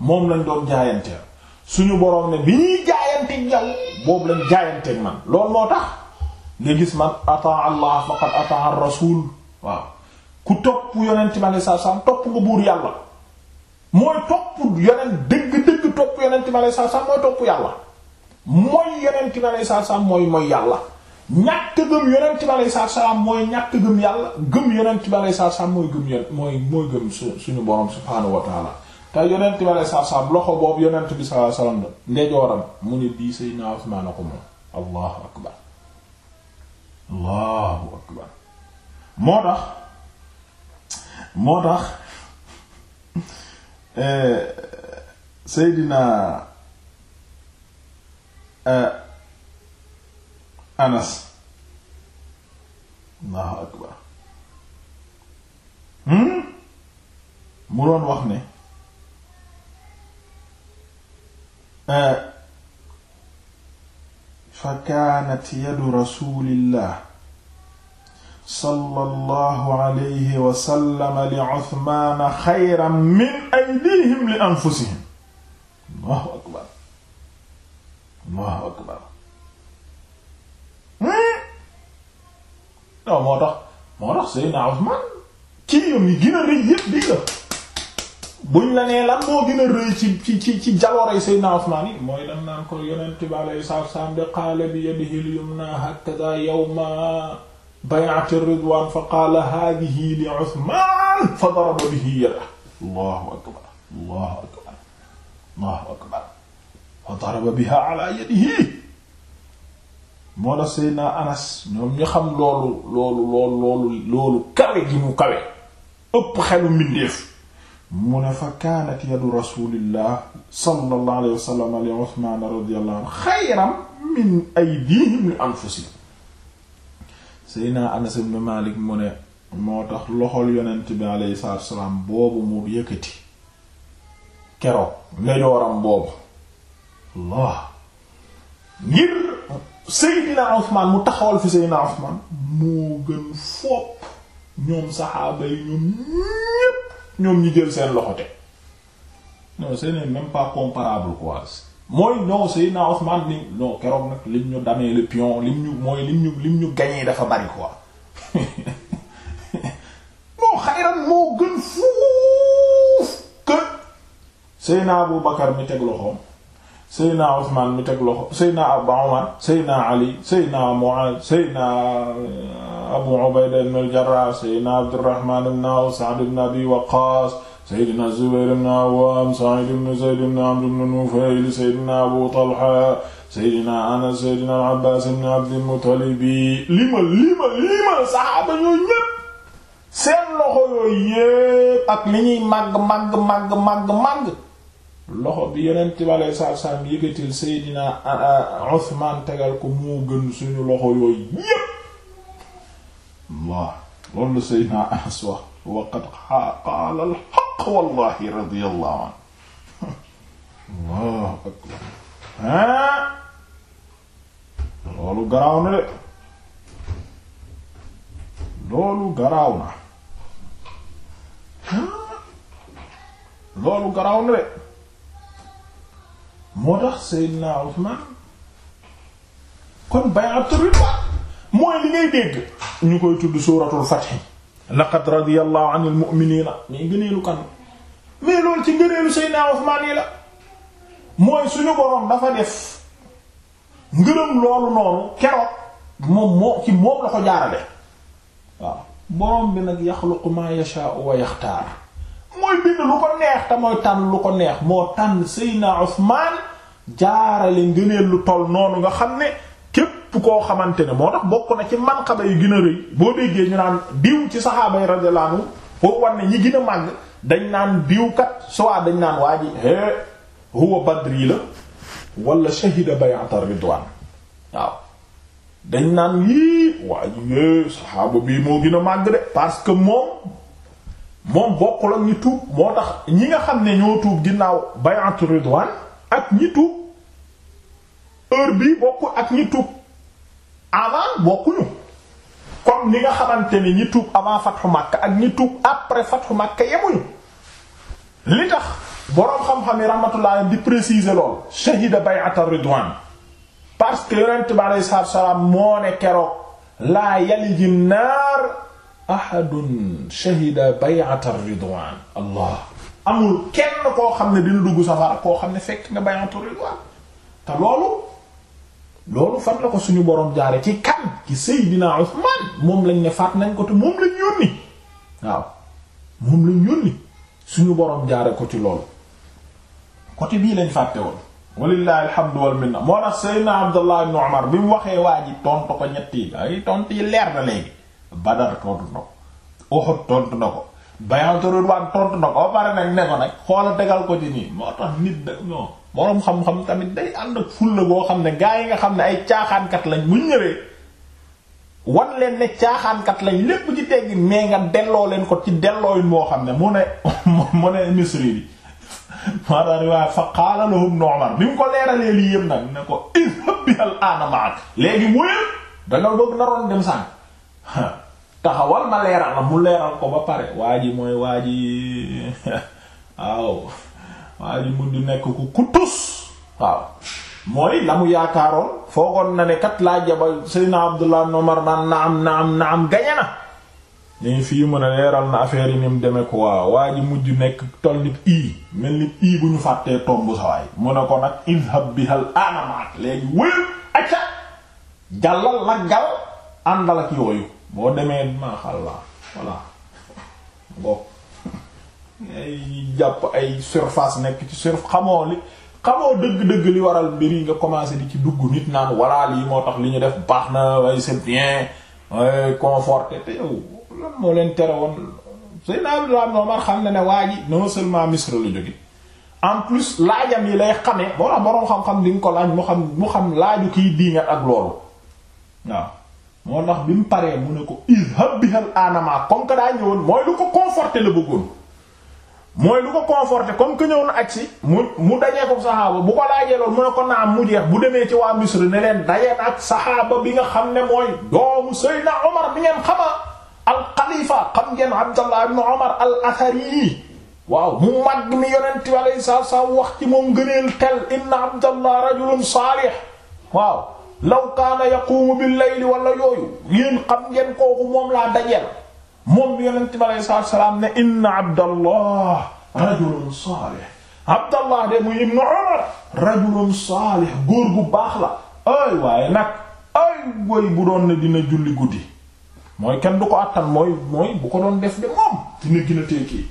moom lañ doon jaayanteel suñu boroom ne bi ñuy jaayanteeg yow boobu lañ jaayanteeg man loolu moo tax nga gis ma ataa allah faqad ataa rasul waaw ku topp yonent bi alayhi salaatu topp nga buur yàlla mooy topp yonent dëgg dëgg topp yonent bi alayhi salaatu mooy topp yàlla mooy yonent bi alayhi salaam mooy mooy yàlla ñàkk gëm yonent bi alayhi salaam mooy ñàkk gëm yàlla gëm yonent bi alayhi salaam mooy gëm yon mooy mooy gëm suñu borom subhaanahu wa te yonent bi alayhi salaam loxo boobu yonent bi sallallahu alayhi wasallam mu ne bii Seydina Usmaan ko moom allahu akbar allahu akbar moo tax moo tax eh, Seydina Uh, Anas Allahu akbar hmm? mu doon wax ne uh, fa kaanat yadu rasulillah sallallahu alayhi wa sallam li Usmaan xayran min aydihim li anfusihim allahu akbar hmm? non moo tax moo tax Seydina Usmaan kii yam yi gën a rëy yépp bii la buñ la nee lan moo gën a rëy ci ci ci ci jaloorey Seydina Usmaan yi mooy lan naan ko yonent bi alayhi salaatu salaam de qaala bi yadihi al-yumna hakadha yawma bay'ati ridwaan fa qaala haadhihi li Usmaan fa daraba bihi yadahu allahu akbar allahu akbar allahu akbar fa daraba biha ala yadihi moo tax Seydina Anas ñoom ñu xam loolu loolu loolu loolu loolu kawe gi mu kawe ëpp xelu mbindeef mu ne fa kaanat yadu rasulillah sallallahu alayhi li Usman radiyallahu min aydihim li anfusihim Anas ibn Malik mu ne moo tax loxol yonent bi alayhi salaam boobu mu yëkkati keroog ndeyooram boobu Allah ngir Seydina Usmaan mu taxawal fi Seydina Usmaan moo gën fopp ñoom saxaaba yi ñoom ñépp ñoom ñi jël seen loxo te non c'est même pas comparable quoi mooy non Seydina Usmaan ni non keroog nag lim ñu damee le lim ñu mooy lim ñu lim ñu gañee dafa bari quoi moo xayran moo gën fuuf que Seydina Abu Bakar mi teg loxoom Seydina Usmaan mi teg loxo Seydina Abu Umar Seydina Ali Seydina Muaaz Seydina euh, Abu Ubayda ibn al-Jarraah Seydina Abdurrahmaan ibn Awf Sa'd ibn Abi Waqqaas Seydina Zubayr ibn Awwaam Sa'iid ibn Zayd ibn Amr ibn Nufayl Seydina Abu Talha Seydina Anas Seydina al-Abbaas ibn Abdil Muttalib lima lima lima saxaaba yooyu ñépp seen loxo yooyu yépp ak li ñuy màgg màgg màgg màgg màgg loxo bi yonent bi aleyhi salaatu salaam yëkkatil Seydina Usmaan tegal ko moo gën suñu loxo yooyu yépp Allah loolu la Seydina Anas wax wa qad qaala al-haqq wallahi radiyallahu anhu Allahu akbar ah loolu garaaw na de loolu garaaw na loolu garaaw na de moo tax Seydina Usmaan kon bay'atu ridwaan mooy li ngay dégg ñu koy tudd suuratul Fath laqad radiyallahu anil mu'miniina mais gëneelu kan mais loolu ci gëneelu Seydina Usmaan yi la mooy suñu boroom dafa def ngërëm loolu noonu keroog moom moo ci moom la ko jaarale boroom bi nag yaxluqu maa yashaa'u wa yaxtaar mooy bind lu ko neex te tànn lu ko neex moo tànn Seydina Usmaan jaarale ngëneel lu toll noonu nga xam ne képp koo xamante ne moo tax bokk na ci manqaba yu gën rëy boo déggee ñu naan diw ci saxaaba yi radiyallahu anhu foofu war ñi gën màgg dañ naan diw kat soit dañ naan waa ji é huwa badri la wala shahida bay'ata ridwan waaw dañ naan yii waa ji saxaaba bii moo gën màgg de parce que moom moom bokkul ak ñi tuub moo tax ñi nga xam ne ñoo tuub ginnaaw bay'atu ridwaan ak ñi tuub heure bii ak ñi tuub avant bokkuñu comme ni nga xamante ni ñi tuub avant fatxu Makka ak ñi tuub après fatxu Makka yemuñu li tax boroom xam-xam yi rahmatullah di préciser lool shahida bay'atu ridwaan parce que yonent bi alayhi salaatu salaam moo ne keroog laa yaliji naar ahadun shahida bay'at ar-ridwan allah amul kenn koo xam ne dina dugg safara koo xam ne fekk nga bay'at ar te loolu loolu fan la ko suñu boroom jaare ci kan ci Seydina Usmaan moom lañ ne faat nañ ko te moom lañ yónni waaw moom lañ yónni suñu boroom jaare ko ci loolu côté bii lañ fàtte woon walillahi alhamdu wal minna moo tax Seydina Abdullah ibn Umar bi mu waxee waa ji tontu ko ñetti tontu yi leer na léegi Badar tontu na ko Uhud tontu na ko Bay'atul tontu na ko ba pare nag ne ko nag xoola tegal ko ci nii moo tax nit da non boroom xam-xam tamit day ànd ak boo xam ne gaa yi nga xam ne ay caaxaankat lañ bu ñëwee wan leen ne caaxaankat lañ lépp ci teggi mais nga delloo leen ko ci delloo moo xam ne mu ne mu ne misri bi maanaam riwaay fa qaala lahum Nu'man bi mu ko leeralee lii yëpp nag ne ko izhab al-aana ma'ak léegi wóyal da nga bëgg naroon dem sànq taxawal ma leeral mu leeral ko ba pare waa ji mooy waa ji waaw waa ji mujj nekk ku kutus waaw mooy la mu yaakaaroon foogoon na ne laa jaba Seydina Abdullah ibn Umar naan naam gañe na nii fii mën a leeral na affaire yi ni mu demee ko waaw waa ji mujj nekk toll nit ii mel nit ii bu ñu fàttee tomb sawaay mu ne ko nag idhab bihal anamaat léegi wël acca jàllal la gal àndal yooyu boo demee maaxàllaa voilà ngoog ay jàpp ay surface nekk ci surf xamoo li xamoo dëgg-dëgg li waral mbir yi nga commencé di ci dugg nit naan walla lii moo tax li ñu def baax na waaye c'est bien conforté te yow lan moo leen tere woon Seydina Abdullah ibn Umar xam ne ne waa ji non seulement Misra la jóge en plus laajam yi lay xamee moo tax boroom xam-xam di nga ko laaj mu xam mu xam laaju kiy diingat ak loolu waaw moo tax bi mu paree mu ne ko izhab bihal anama comme que daa ñëwoon mooy lu ko conforter la bëggoon mooy lu ko conforter comme que ñëw na agsi mu mu dajee ko saxaaba bu ko laajee loolu mu ne ko naa mu jeex bu demee ci waa Misr ne leen dajeen ak saxaaba bi nga xam ne mooy doomu Seydina Omar bi ngeen xama al xam ngeen Abdallah ibn Omar al Athari waaw mu mag mi yonent bi alayhi salaatu wax ci moom gëneel tel inna Abdallah rajulun saalih waaw law kaana yaquumu bil layli wala yooyu yéen xam ngeen kooku moom laa dajeel moom bi yonent bi aleyhi salaatu salaam ne inna abdallah rajulun saalih abdallah de muy ibnu umar rajulun saalih góor bu baax la ay waaye nag ay way bu doon ne dina julli guddi mooy kenn du ko attan mooy mooy bu ko doon def de moom dina gën a teekii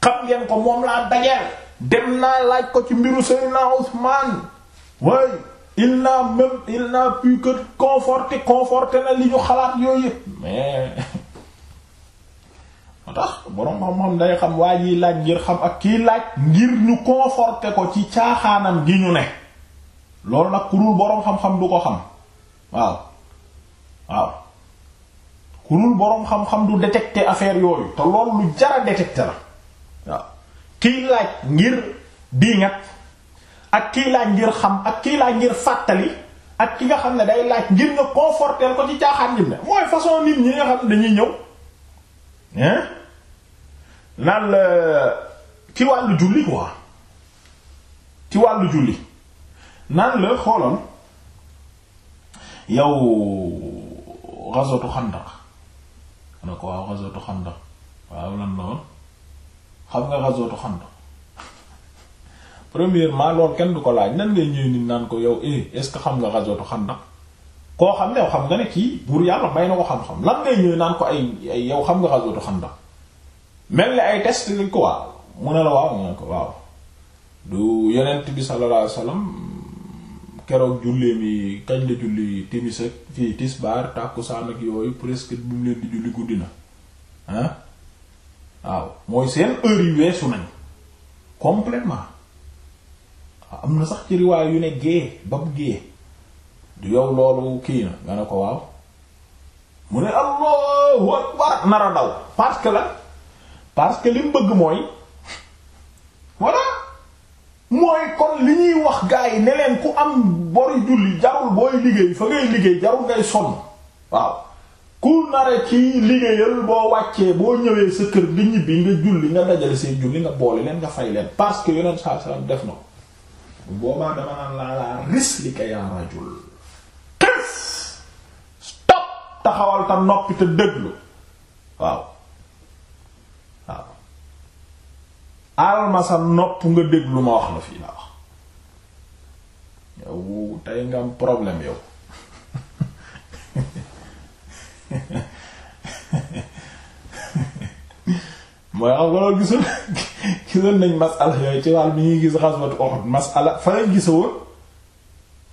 xam ngeen ko moom laa dajeel dem naa laaj ko ci mbiru Seydina way il n'a même il n'a pu que conforter na li ñu xalaat yooyu mais moo tax boroom xam-xam day xam waa jiy laaj ngir xam ak kii laaj ngir ñu conforter ko ci caaxaanam gi ñu ne loolu nag ku dul boroom xam-xam du ko xam waaw waaw ku boroom xam-xam du détecter affaire yooyu te loolu lu jara détecter la waaw kiy laaj ngir di ngat ak kii laaj ngir xam ak kii laaj ngir fàttali ak ki nga xam ne day laaj ngir nga conforter ko ci caaxaan jëm ne mooy façon nit ñi nga xam ne dañuy ñëw naan la ci wàllu julli quoi ci wàllu julli naan la xooloon yow ghazwatu xandaq na ko waaw ghazwatu xandaq waaw lan la xam nga ghazwatu xandaq premièrement loolu kenn du ko laaj nan ngay ñëw nit naan ko yow eh est ce que xam nga xam Xandaq koo xam ne yow xam nga ne kii buur yàlla may na ko xam-xam lan ngay ñëw naan ko ay ay yow xam nga ghazwatu Xandaq mel ni ay test lañ ko waaw mu ne la waaw mu ne ko waaw du yonent bi sallallahu alayhi wasallam keroog jullee mi kañ la julli timis ak fii tisbaar tàkkusaan ak yooyu presque bu mu leen di julli guddi na ah waaw mooy seen heure yi weesu nañ am na sax ci riwaay yu ne gée bab gée du yow loolu kii na nga ne ko waaw mu ne allahu akbar nar a daw parce que la parce que li mu bëgg mooy voilà mooy kon li ñuy wax gaa yi ne leen ku am bori julli jarul booy liggéey fa ngay liggéey jarul ngay sonn waaw ku nare ci liggéeyal boo wàccee boo ñëwee sa kër di ñibbi nga julli nga dajale seen julli nga boole leen nga fay leen parce que yonent sallallahu alayhi wasallam def na ko boobaa dama naan la ala rislika ya rajul qif stop taxawal ta noppi te déglu waaw waaw alma nopp nga déglu ma wax la fii laa wax yow tey nga am yow mooy xam nga loolu gisul nañ masala yooyu ci wàll bi ñuy gis xaswatu Uhud masala fa lañ gisoon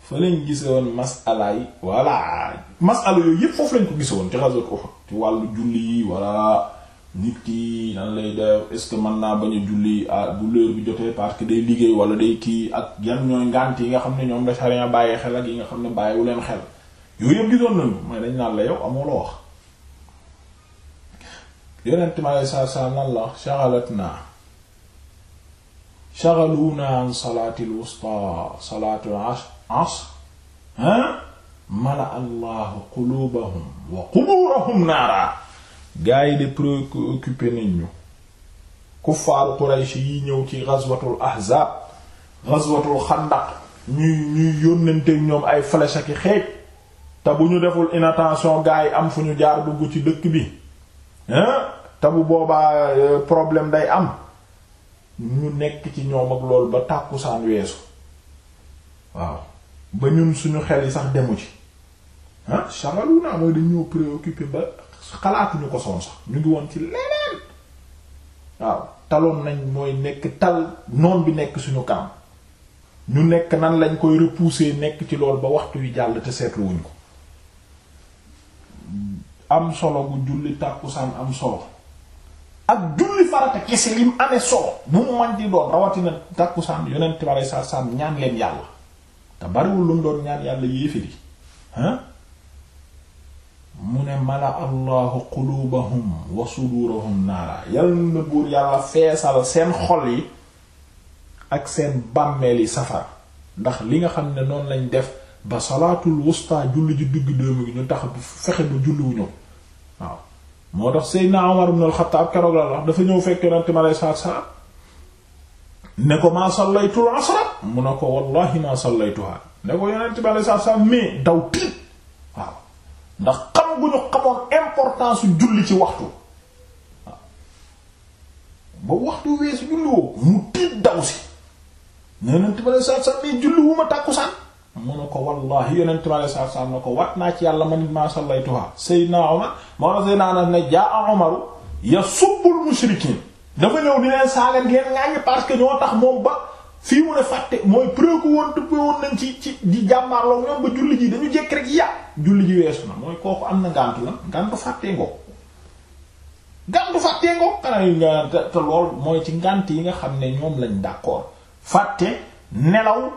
fa lañ gisoon masala yi voilà masala yooyu yépp foofu lañ ko gisoon ci xaswatu Uhud ci wàllu julli yi voilà nit ki nan lay def est-ce que mën naa bañ a julli ah bu leer bi jotee parce day liggéey wala day kii ak yan ñooy ngànt yi nga xam ne ñoom la charia bàyyee xel ak yi nga xam ne bàyyiwu leen xel yooyu yëpp gisoon nañu mooy dañ naan la yow amoo la wax yonent ma lay sa sa nan la shaghaluuna an salaatil wusta salaatul asr asr ha mala allahu quluubahum wa qubuurahum naara gaa yi de préoccupé nañ ñu kuffaaru Quraysh yi ñëw ci ghazwatul ahzaab ghazwatul xandaq ñuy ñuy yónnante ñoom ay flèche ak xeej te bu ñu deful inattention gaa yi am fu ñu jaar dugg ci dëkk bi hein te bu boobaa euh, problème day am ñu nekk ci ñoom ak loolu ba tàkkusaan weesu waaw ba ñun suñu xel yi sax demu ci ah shagalu naa mooy dañoo préoccupé ba xalaatuñu ko soon sax ñu ngi woon ci leneen waaw taloon nañ mooy nekk tal noon bi nekk suñu kanam ñu nekk nan lañ koy repousser nekk ci lool ba waxtu wi jàll te seetluwuñ ko am solo bu julli tàkkusaan am solo ak julli farata kese lim amee solo bu mu man rawatina tàkkusaan yonent ñaan leen yàlla te bariwul lu doon ñaan yàlla yéefiri ah mu ne mala allahu qulubahum wa naara yal na buur yàlla feesal seen xol yi ak seen bàmmeel yi safara ndax li nga xam ne noon lañ def ba salaatul wusta julli ji dugg doomu gi ñu tax fexe ba julliwu ñëw waaw moo tax Seydina Umar ibn al-Khattab keroog la wax dafa ñëw fekk yonent mi alayhi salaatu salaam ne ko maa sallaytul asra mu ne ko wallahi maa sallaytuha ne ko yonent mi alayhi salaatu salaam mais daw tiit waaw ndax xam bu ñu xamoon importance su julli ci waxtu waaw ba waxtu weesu julliwoo mu tiit daw si yonent mi alayhi salaatu salaam mais julli wu ma tàkkusaan mu ne ko wallahi yonent bi alayhi salaatu salaam ne ko wat naa ci yàlla man it maa sallaytuha Seydina Omar moo la Seydina Anas a jaa Omaru yasubbul mushrikiin dafa ñëw di leen saaga ngeen parce que ñoo tax moom ba fii mu ne fàtte mooy preuve woon dëppee woon ci ci di jàmmaarloo ñoom ba julli ji dañu jekk rek ya julli ji weesu na mooy kooku am na ngàntu la ngàntu fàttee ngoo ngàntu fàttee te lool mooy ci ngànt yi nga xam ne ñoom lañ d'accord fàtte nelaw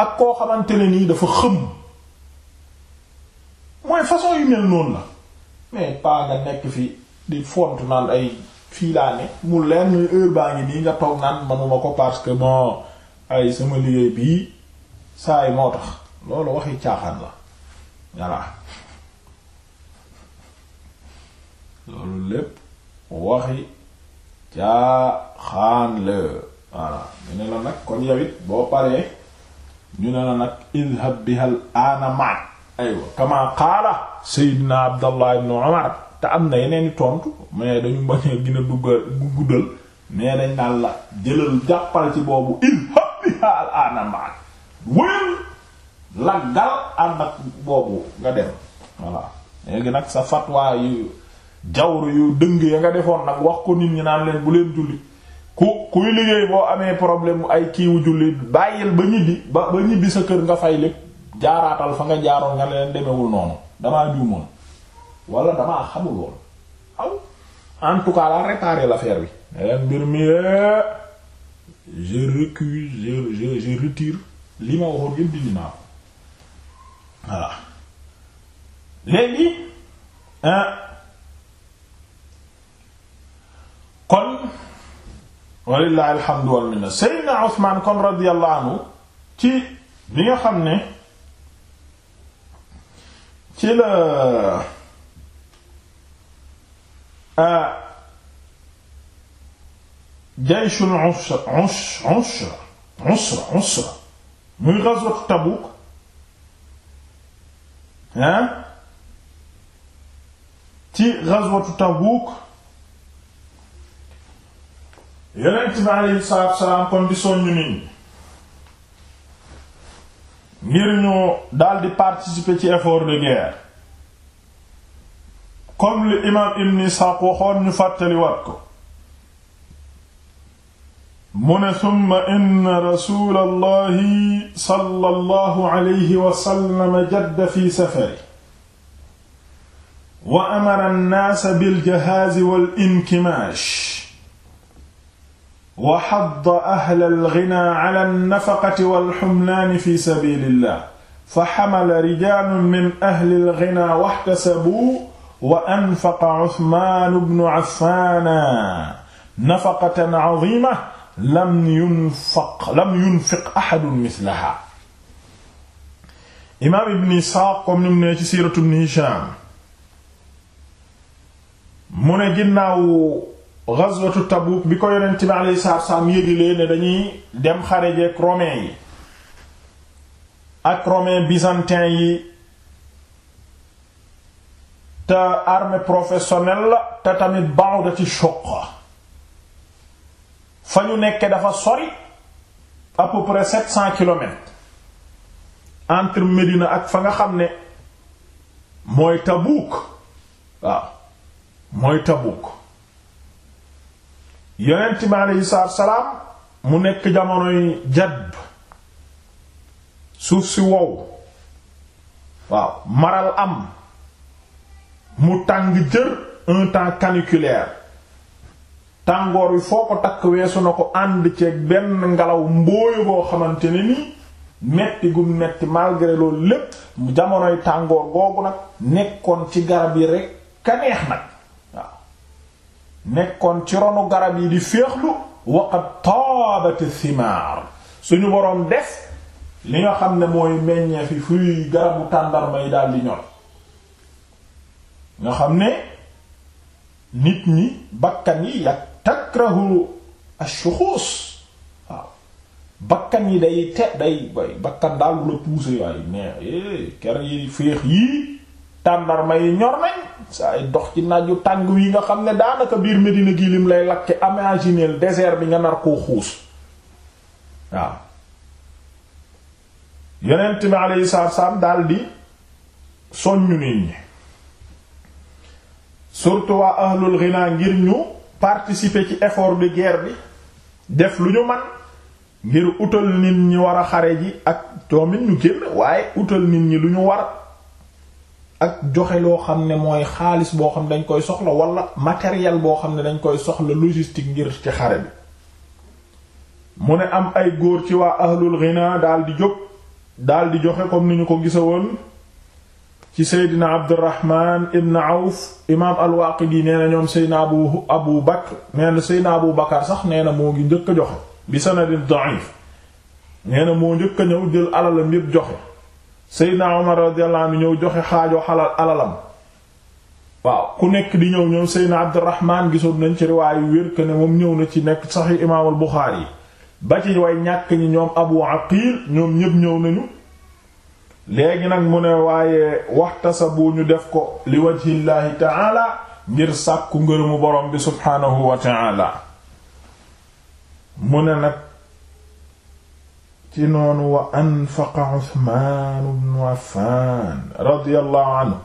ak koo xamante ni nii dafa xëm mooy façon yu mel noonu la mais pas nga nekk fi di font naan ay fii laa ne mu leer heure baa ngi nii nga toog naan manuma ko parce que bon ay sama liggéey bii saa yi moo tax loolu waxi caaxaan la voilà loolu ne la nag kon yow boo paree. ñu ne la nag idhab biha al aana ma aywa kama qaala seydina umar te am na yeneen tontu mais dañu bañ a gën a dugga guddal mais dañ naan la jëlal jàppal ci boobu idhab biha al laggal ànd ak boobu nga dem voilà léegi nag sa fatwa yu jawru yu dëng ya nga defoon nag wax ko nit ñi naan leen bu leen julli ku kuy liggéey boo amee problème ay kiiwu julli bàyyil ba ñibbi ba ba ñibbi sa kër nga fay lépp jaaraatal fa nga jaaroon nga leen demewul noonu damaa juumoon wala damaa xamul aw en tout cas la réparer l'affaire bi leen eh, mbir mi eh, je recuse je je je retire li ma waxoon yëpp dindi naa ko voilà léegi eh, kon walillahi alhamdu wal minna Seydina Usmaan kon radiyallahu anhu ci bi nga xam ne ci la jayshul usra usra usra usra muy ghazwat Tabuk hein ci ghazwat Tabuk yonent bi aleyhi salaatu salaam kon di soññu nit ñi ngir ñu daldi participer ci effort de guerre comme li imaam Ibn Isxaaq waxoon ñu fàttaliwaat ko mu ne summa inna rasuulallahi sallallahu alayhi wa sallam jadda fi safari wa amara an-naasa bil jahaazi wal inkimaash wa xadda ahla alghinaa ala alnafaqati walxumlaani fi sabilillah fa xamala rijaalun min ahli alghinaa waxtasabuu wa anfaqa Usmaan bnu Affaan nafaqatan aziimatan lam yunfaq lam yunfiq ahadun mislahaa. imaam Ibn Isxaaq comme ni mu nee ci siiratu Ibn Hishaam mu ne ginnaaw. ghazwatu Tabuk bi ko yonent bi alayhi salaatu salaam yëgalee ne dañuy dem xare jeek yi ak romain byzantin yi te armée professionnelle la te tamit ba'dati Shuqqa fa ñu nekke dafa sori à peu près sept cents kilomètres entre Médina ak fa nga xam ne mooy Tabuk waaw mooy Tabuk yonent bi aleyhi salaatu mu nekk jamonoy jadb suuf si wow maral am mu tàng jër un temps tàngoor wi foo ko takk weesu na ko ànd ceeg benn ngelaw mbooyu boo xamante ni nii metti gu metti malgré loolu lépp jamonoy tàngoor googu nag nekkoon ci garab yi rekk ka neex nag nekkoon ci ronu garab yi di féexlu waqad taabati thimaar suñu boroom def li nga xam ne mooy meññee fi fuy garabu tàndarma yi daal di ñor nga xam ne nit ñi bakkan yi yak takrahu ash-shukhus waaw bakkan yi day te day bay bakkan daal la pousser waaye mais eh, kër yi féex yii tàndarma yi ñor nañ saa yi dox ci naaju tàng wi nga xam ne daanaka biir Medina gi lim lay lakke imaginer désert bi nga nar koo xuus waaw yonent bi alayhi salaatu salaam daldi soññu nit ñi surtout waa ahlul ngir ñu participer ci effort bi guerre bi def lu ñu man ngir utal nit ñi war a xare ji ak doomit ñu génn waaye utal nit ñi lu ñu war ak joxe loo xam ne mooy xaalis boo xam ne dañ koy soxla walla matériel boo xam ne dañ koy soxla logistique ngir ci xare bi mu ne am ay góor ci waa ahlul ghina daal di jóg daal di joxe comme ni ñu ko gisa woon ci seydina abdurrahman ibn auf imaam al-Waaqidi nee na ñoom seydina abu abu bakr nee na seydina abu bakar sax nee na moo ngi njëkk a joxe bi sanadin da'if nee na moo njëkk ñëw jël alalam yépp joxe Seydina Omar radiyallahu anhu ñëw joxe xaajoo xalal alalam waaw ku nekk di ñëw ñoom Seydina Abdurrahman gisoon nañ ci riwaayu wér moom ñëw na ci nekk Sahih Imaamul Buxaari ba ci way ñàkk ñi ñoom Abu Aqil ñoom ñépp ñëw nañu léegi nag mu ne waaye waxtasabu ñu def ko li wajhillaahi ngir sàkku ngërëmu borom bi subhaanahu wa ta'ala mu ne ci noonu wa anfaqa Usmaan ibnu Affaan radiyallahu anhu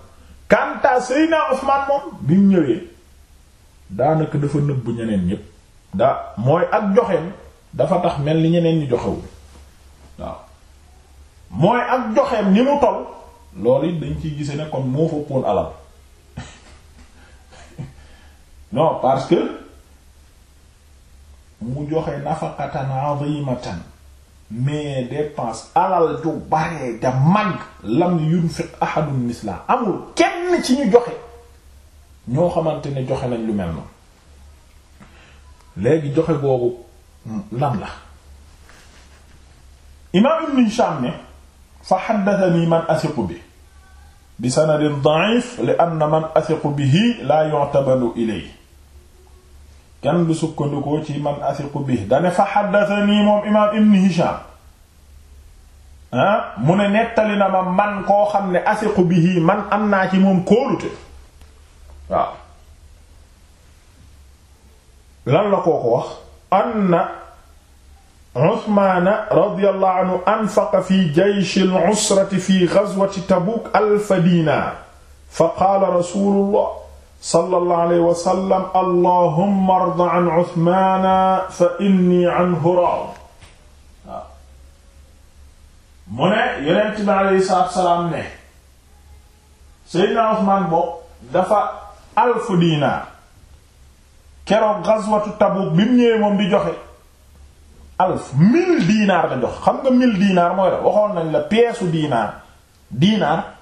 kanta Seydina Usmaan moom bi mu ñëwee daanaka dafa nëbb ñeneen ñépp da mooy ak joxeem dafa tax mel ni ñeneen ñu joxewul waaw mooy ak joxeem ni mu toll loolu it dañ ci gise ne kon moo fa ëppoon alal non parce que mu joxe nafaqatan azimatan mais dépense alal ju baree da mag lam yunfiq ahadun misla amul kenn ci ñu joxe ñoo xamante ne joxe lañ lu mel noonu léegi joxe googu lan la imaam ibn Hisham ne fa haddathani man athiqu bi bi sanadin da'if li anna man bi bihi la yu'tabalu ilayhi kenn du sukkandikoo ci man asiqu bi dane fa xaddatanii moom imaam ibn hisham ah mu ne nettali na ma man koo xam ne asiqu bihi man am naa ci moom kóolute waaw lan la koo ko wax anna usmaana radiyallahu anhu anfaqa fi jaysh al-usrati fi ghazwati tabuk alfa dinaar fa qaala rasulullah sallallahu alayhi wa sallam allahumma arda an Usmaana fa inni anhu raad waaw mu ne yonent bi alayhi salaatu wa salaam ne Seydina Usmaan bokk dafa alfu diinaar keroog gazwatu Tabuk bi mu ñëwee moom di joxe alf mille diinaar da jox xam nga mille diinaar mooy la waxoon nañ la pièce u diinaar diinaar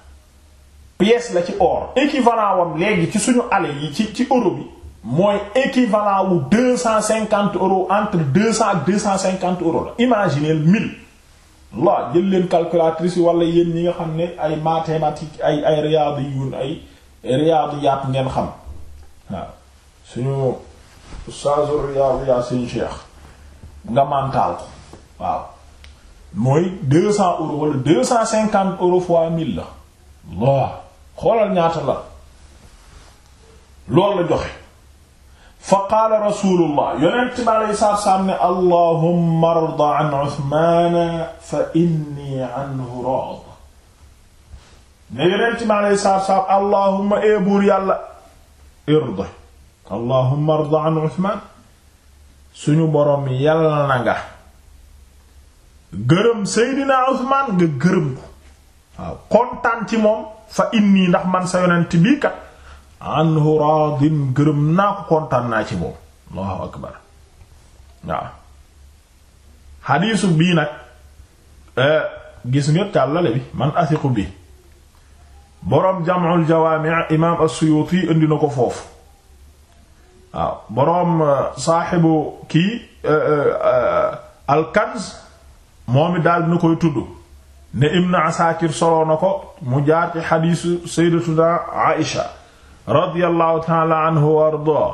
pièce la ci or équivalent wam léegi ci suñu ale yi ci ci euro bi mooy équivalent wu deux cent cinquante euros entre deux cent ak cent cinquante euros la imaginez mille la jël leen calculatrice wala yéen ñi nga xam ne ay mathématiques ay ay riyadiyun ay yaat ngeen xam waaw suñu saazu riyadiyat suñu cheikh nga mantaal ko waaw mooy deux cent euros wala deux cent cinquante euros fois mille la waaw xoolal ñaata la loolu la joxe fa qaala rasulullah yonent bi aleyhi salaatu salaam ne allahumma arda an Usmaan fa inni anhu raad ne yonent bi aleyhi salaatu salaam allahumma ee buur yàlla irda allahumma arda an Usmaan suñu boroom yàlla na nga gërëm Seydina Usmaan nga gërëm ko waaw kontaan ci moom fa inni ndax man sa yonent bii kat gërëm naa ko kontaan naa ci moom allahu akbar waaw bii nag eh, gis nga càllale bi man asiqu bi boroom jam'ul jawaami' imaam as-Suyuuti ko foofu waaw boroom eh, saaxibu kii eh, al-Kanz moom daal na koy tudd ne Ibn Asakir soloo na ko mu jaar ci xadiisu sayyidatuna Aïsha radiyallahu taala anhu wa ardaa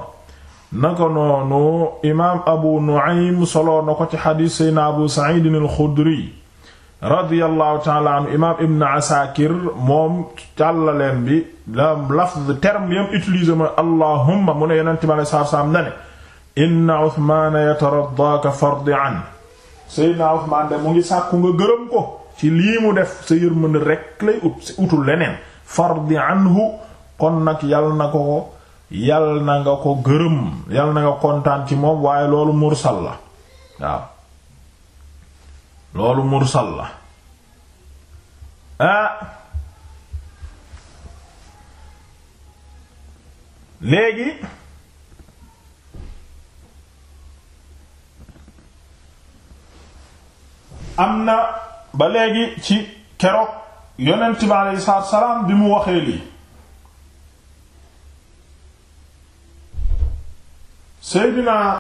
nako noonu imaam Abu Nu'aym soloo na ko ci xadiis sayyidina Abu Sa'id al-Khudri radiyallahu taala anhu imaam Ibn Asakir moom càllaleen bi la lafz terme yam utilisé allahumma mu ne yonente mi alei satu salaam na ne inna Uthmaana yataraddaaka fardi an mu ngi sàkku nga gërëm ko ci lii mu def sa yërmande rekk lay ut si utul leneen fardi anhu kon nag yal na ko yal na nga ko gërëm yal na nga kontaan ci moom waaye loolu mursal la waaw mursal la ah. léegi am na ba léegi ci keroog yonent bi aleyhi salaam bi mu waxee lii Seydina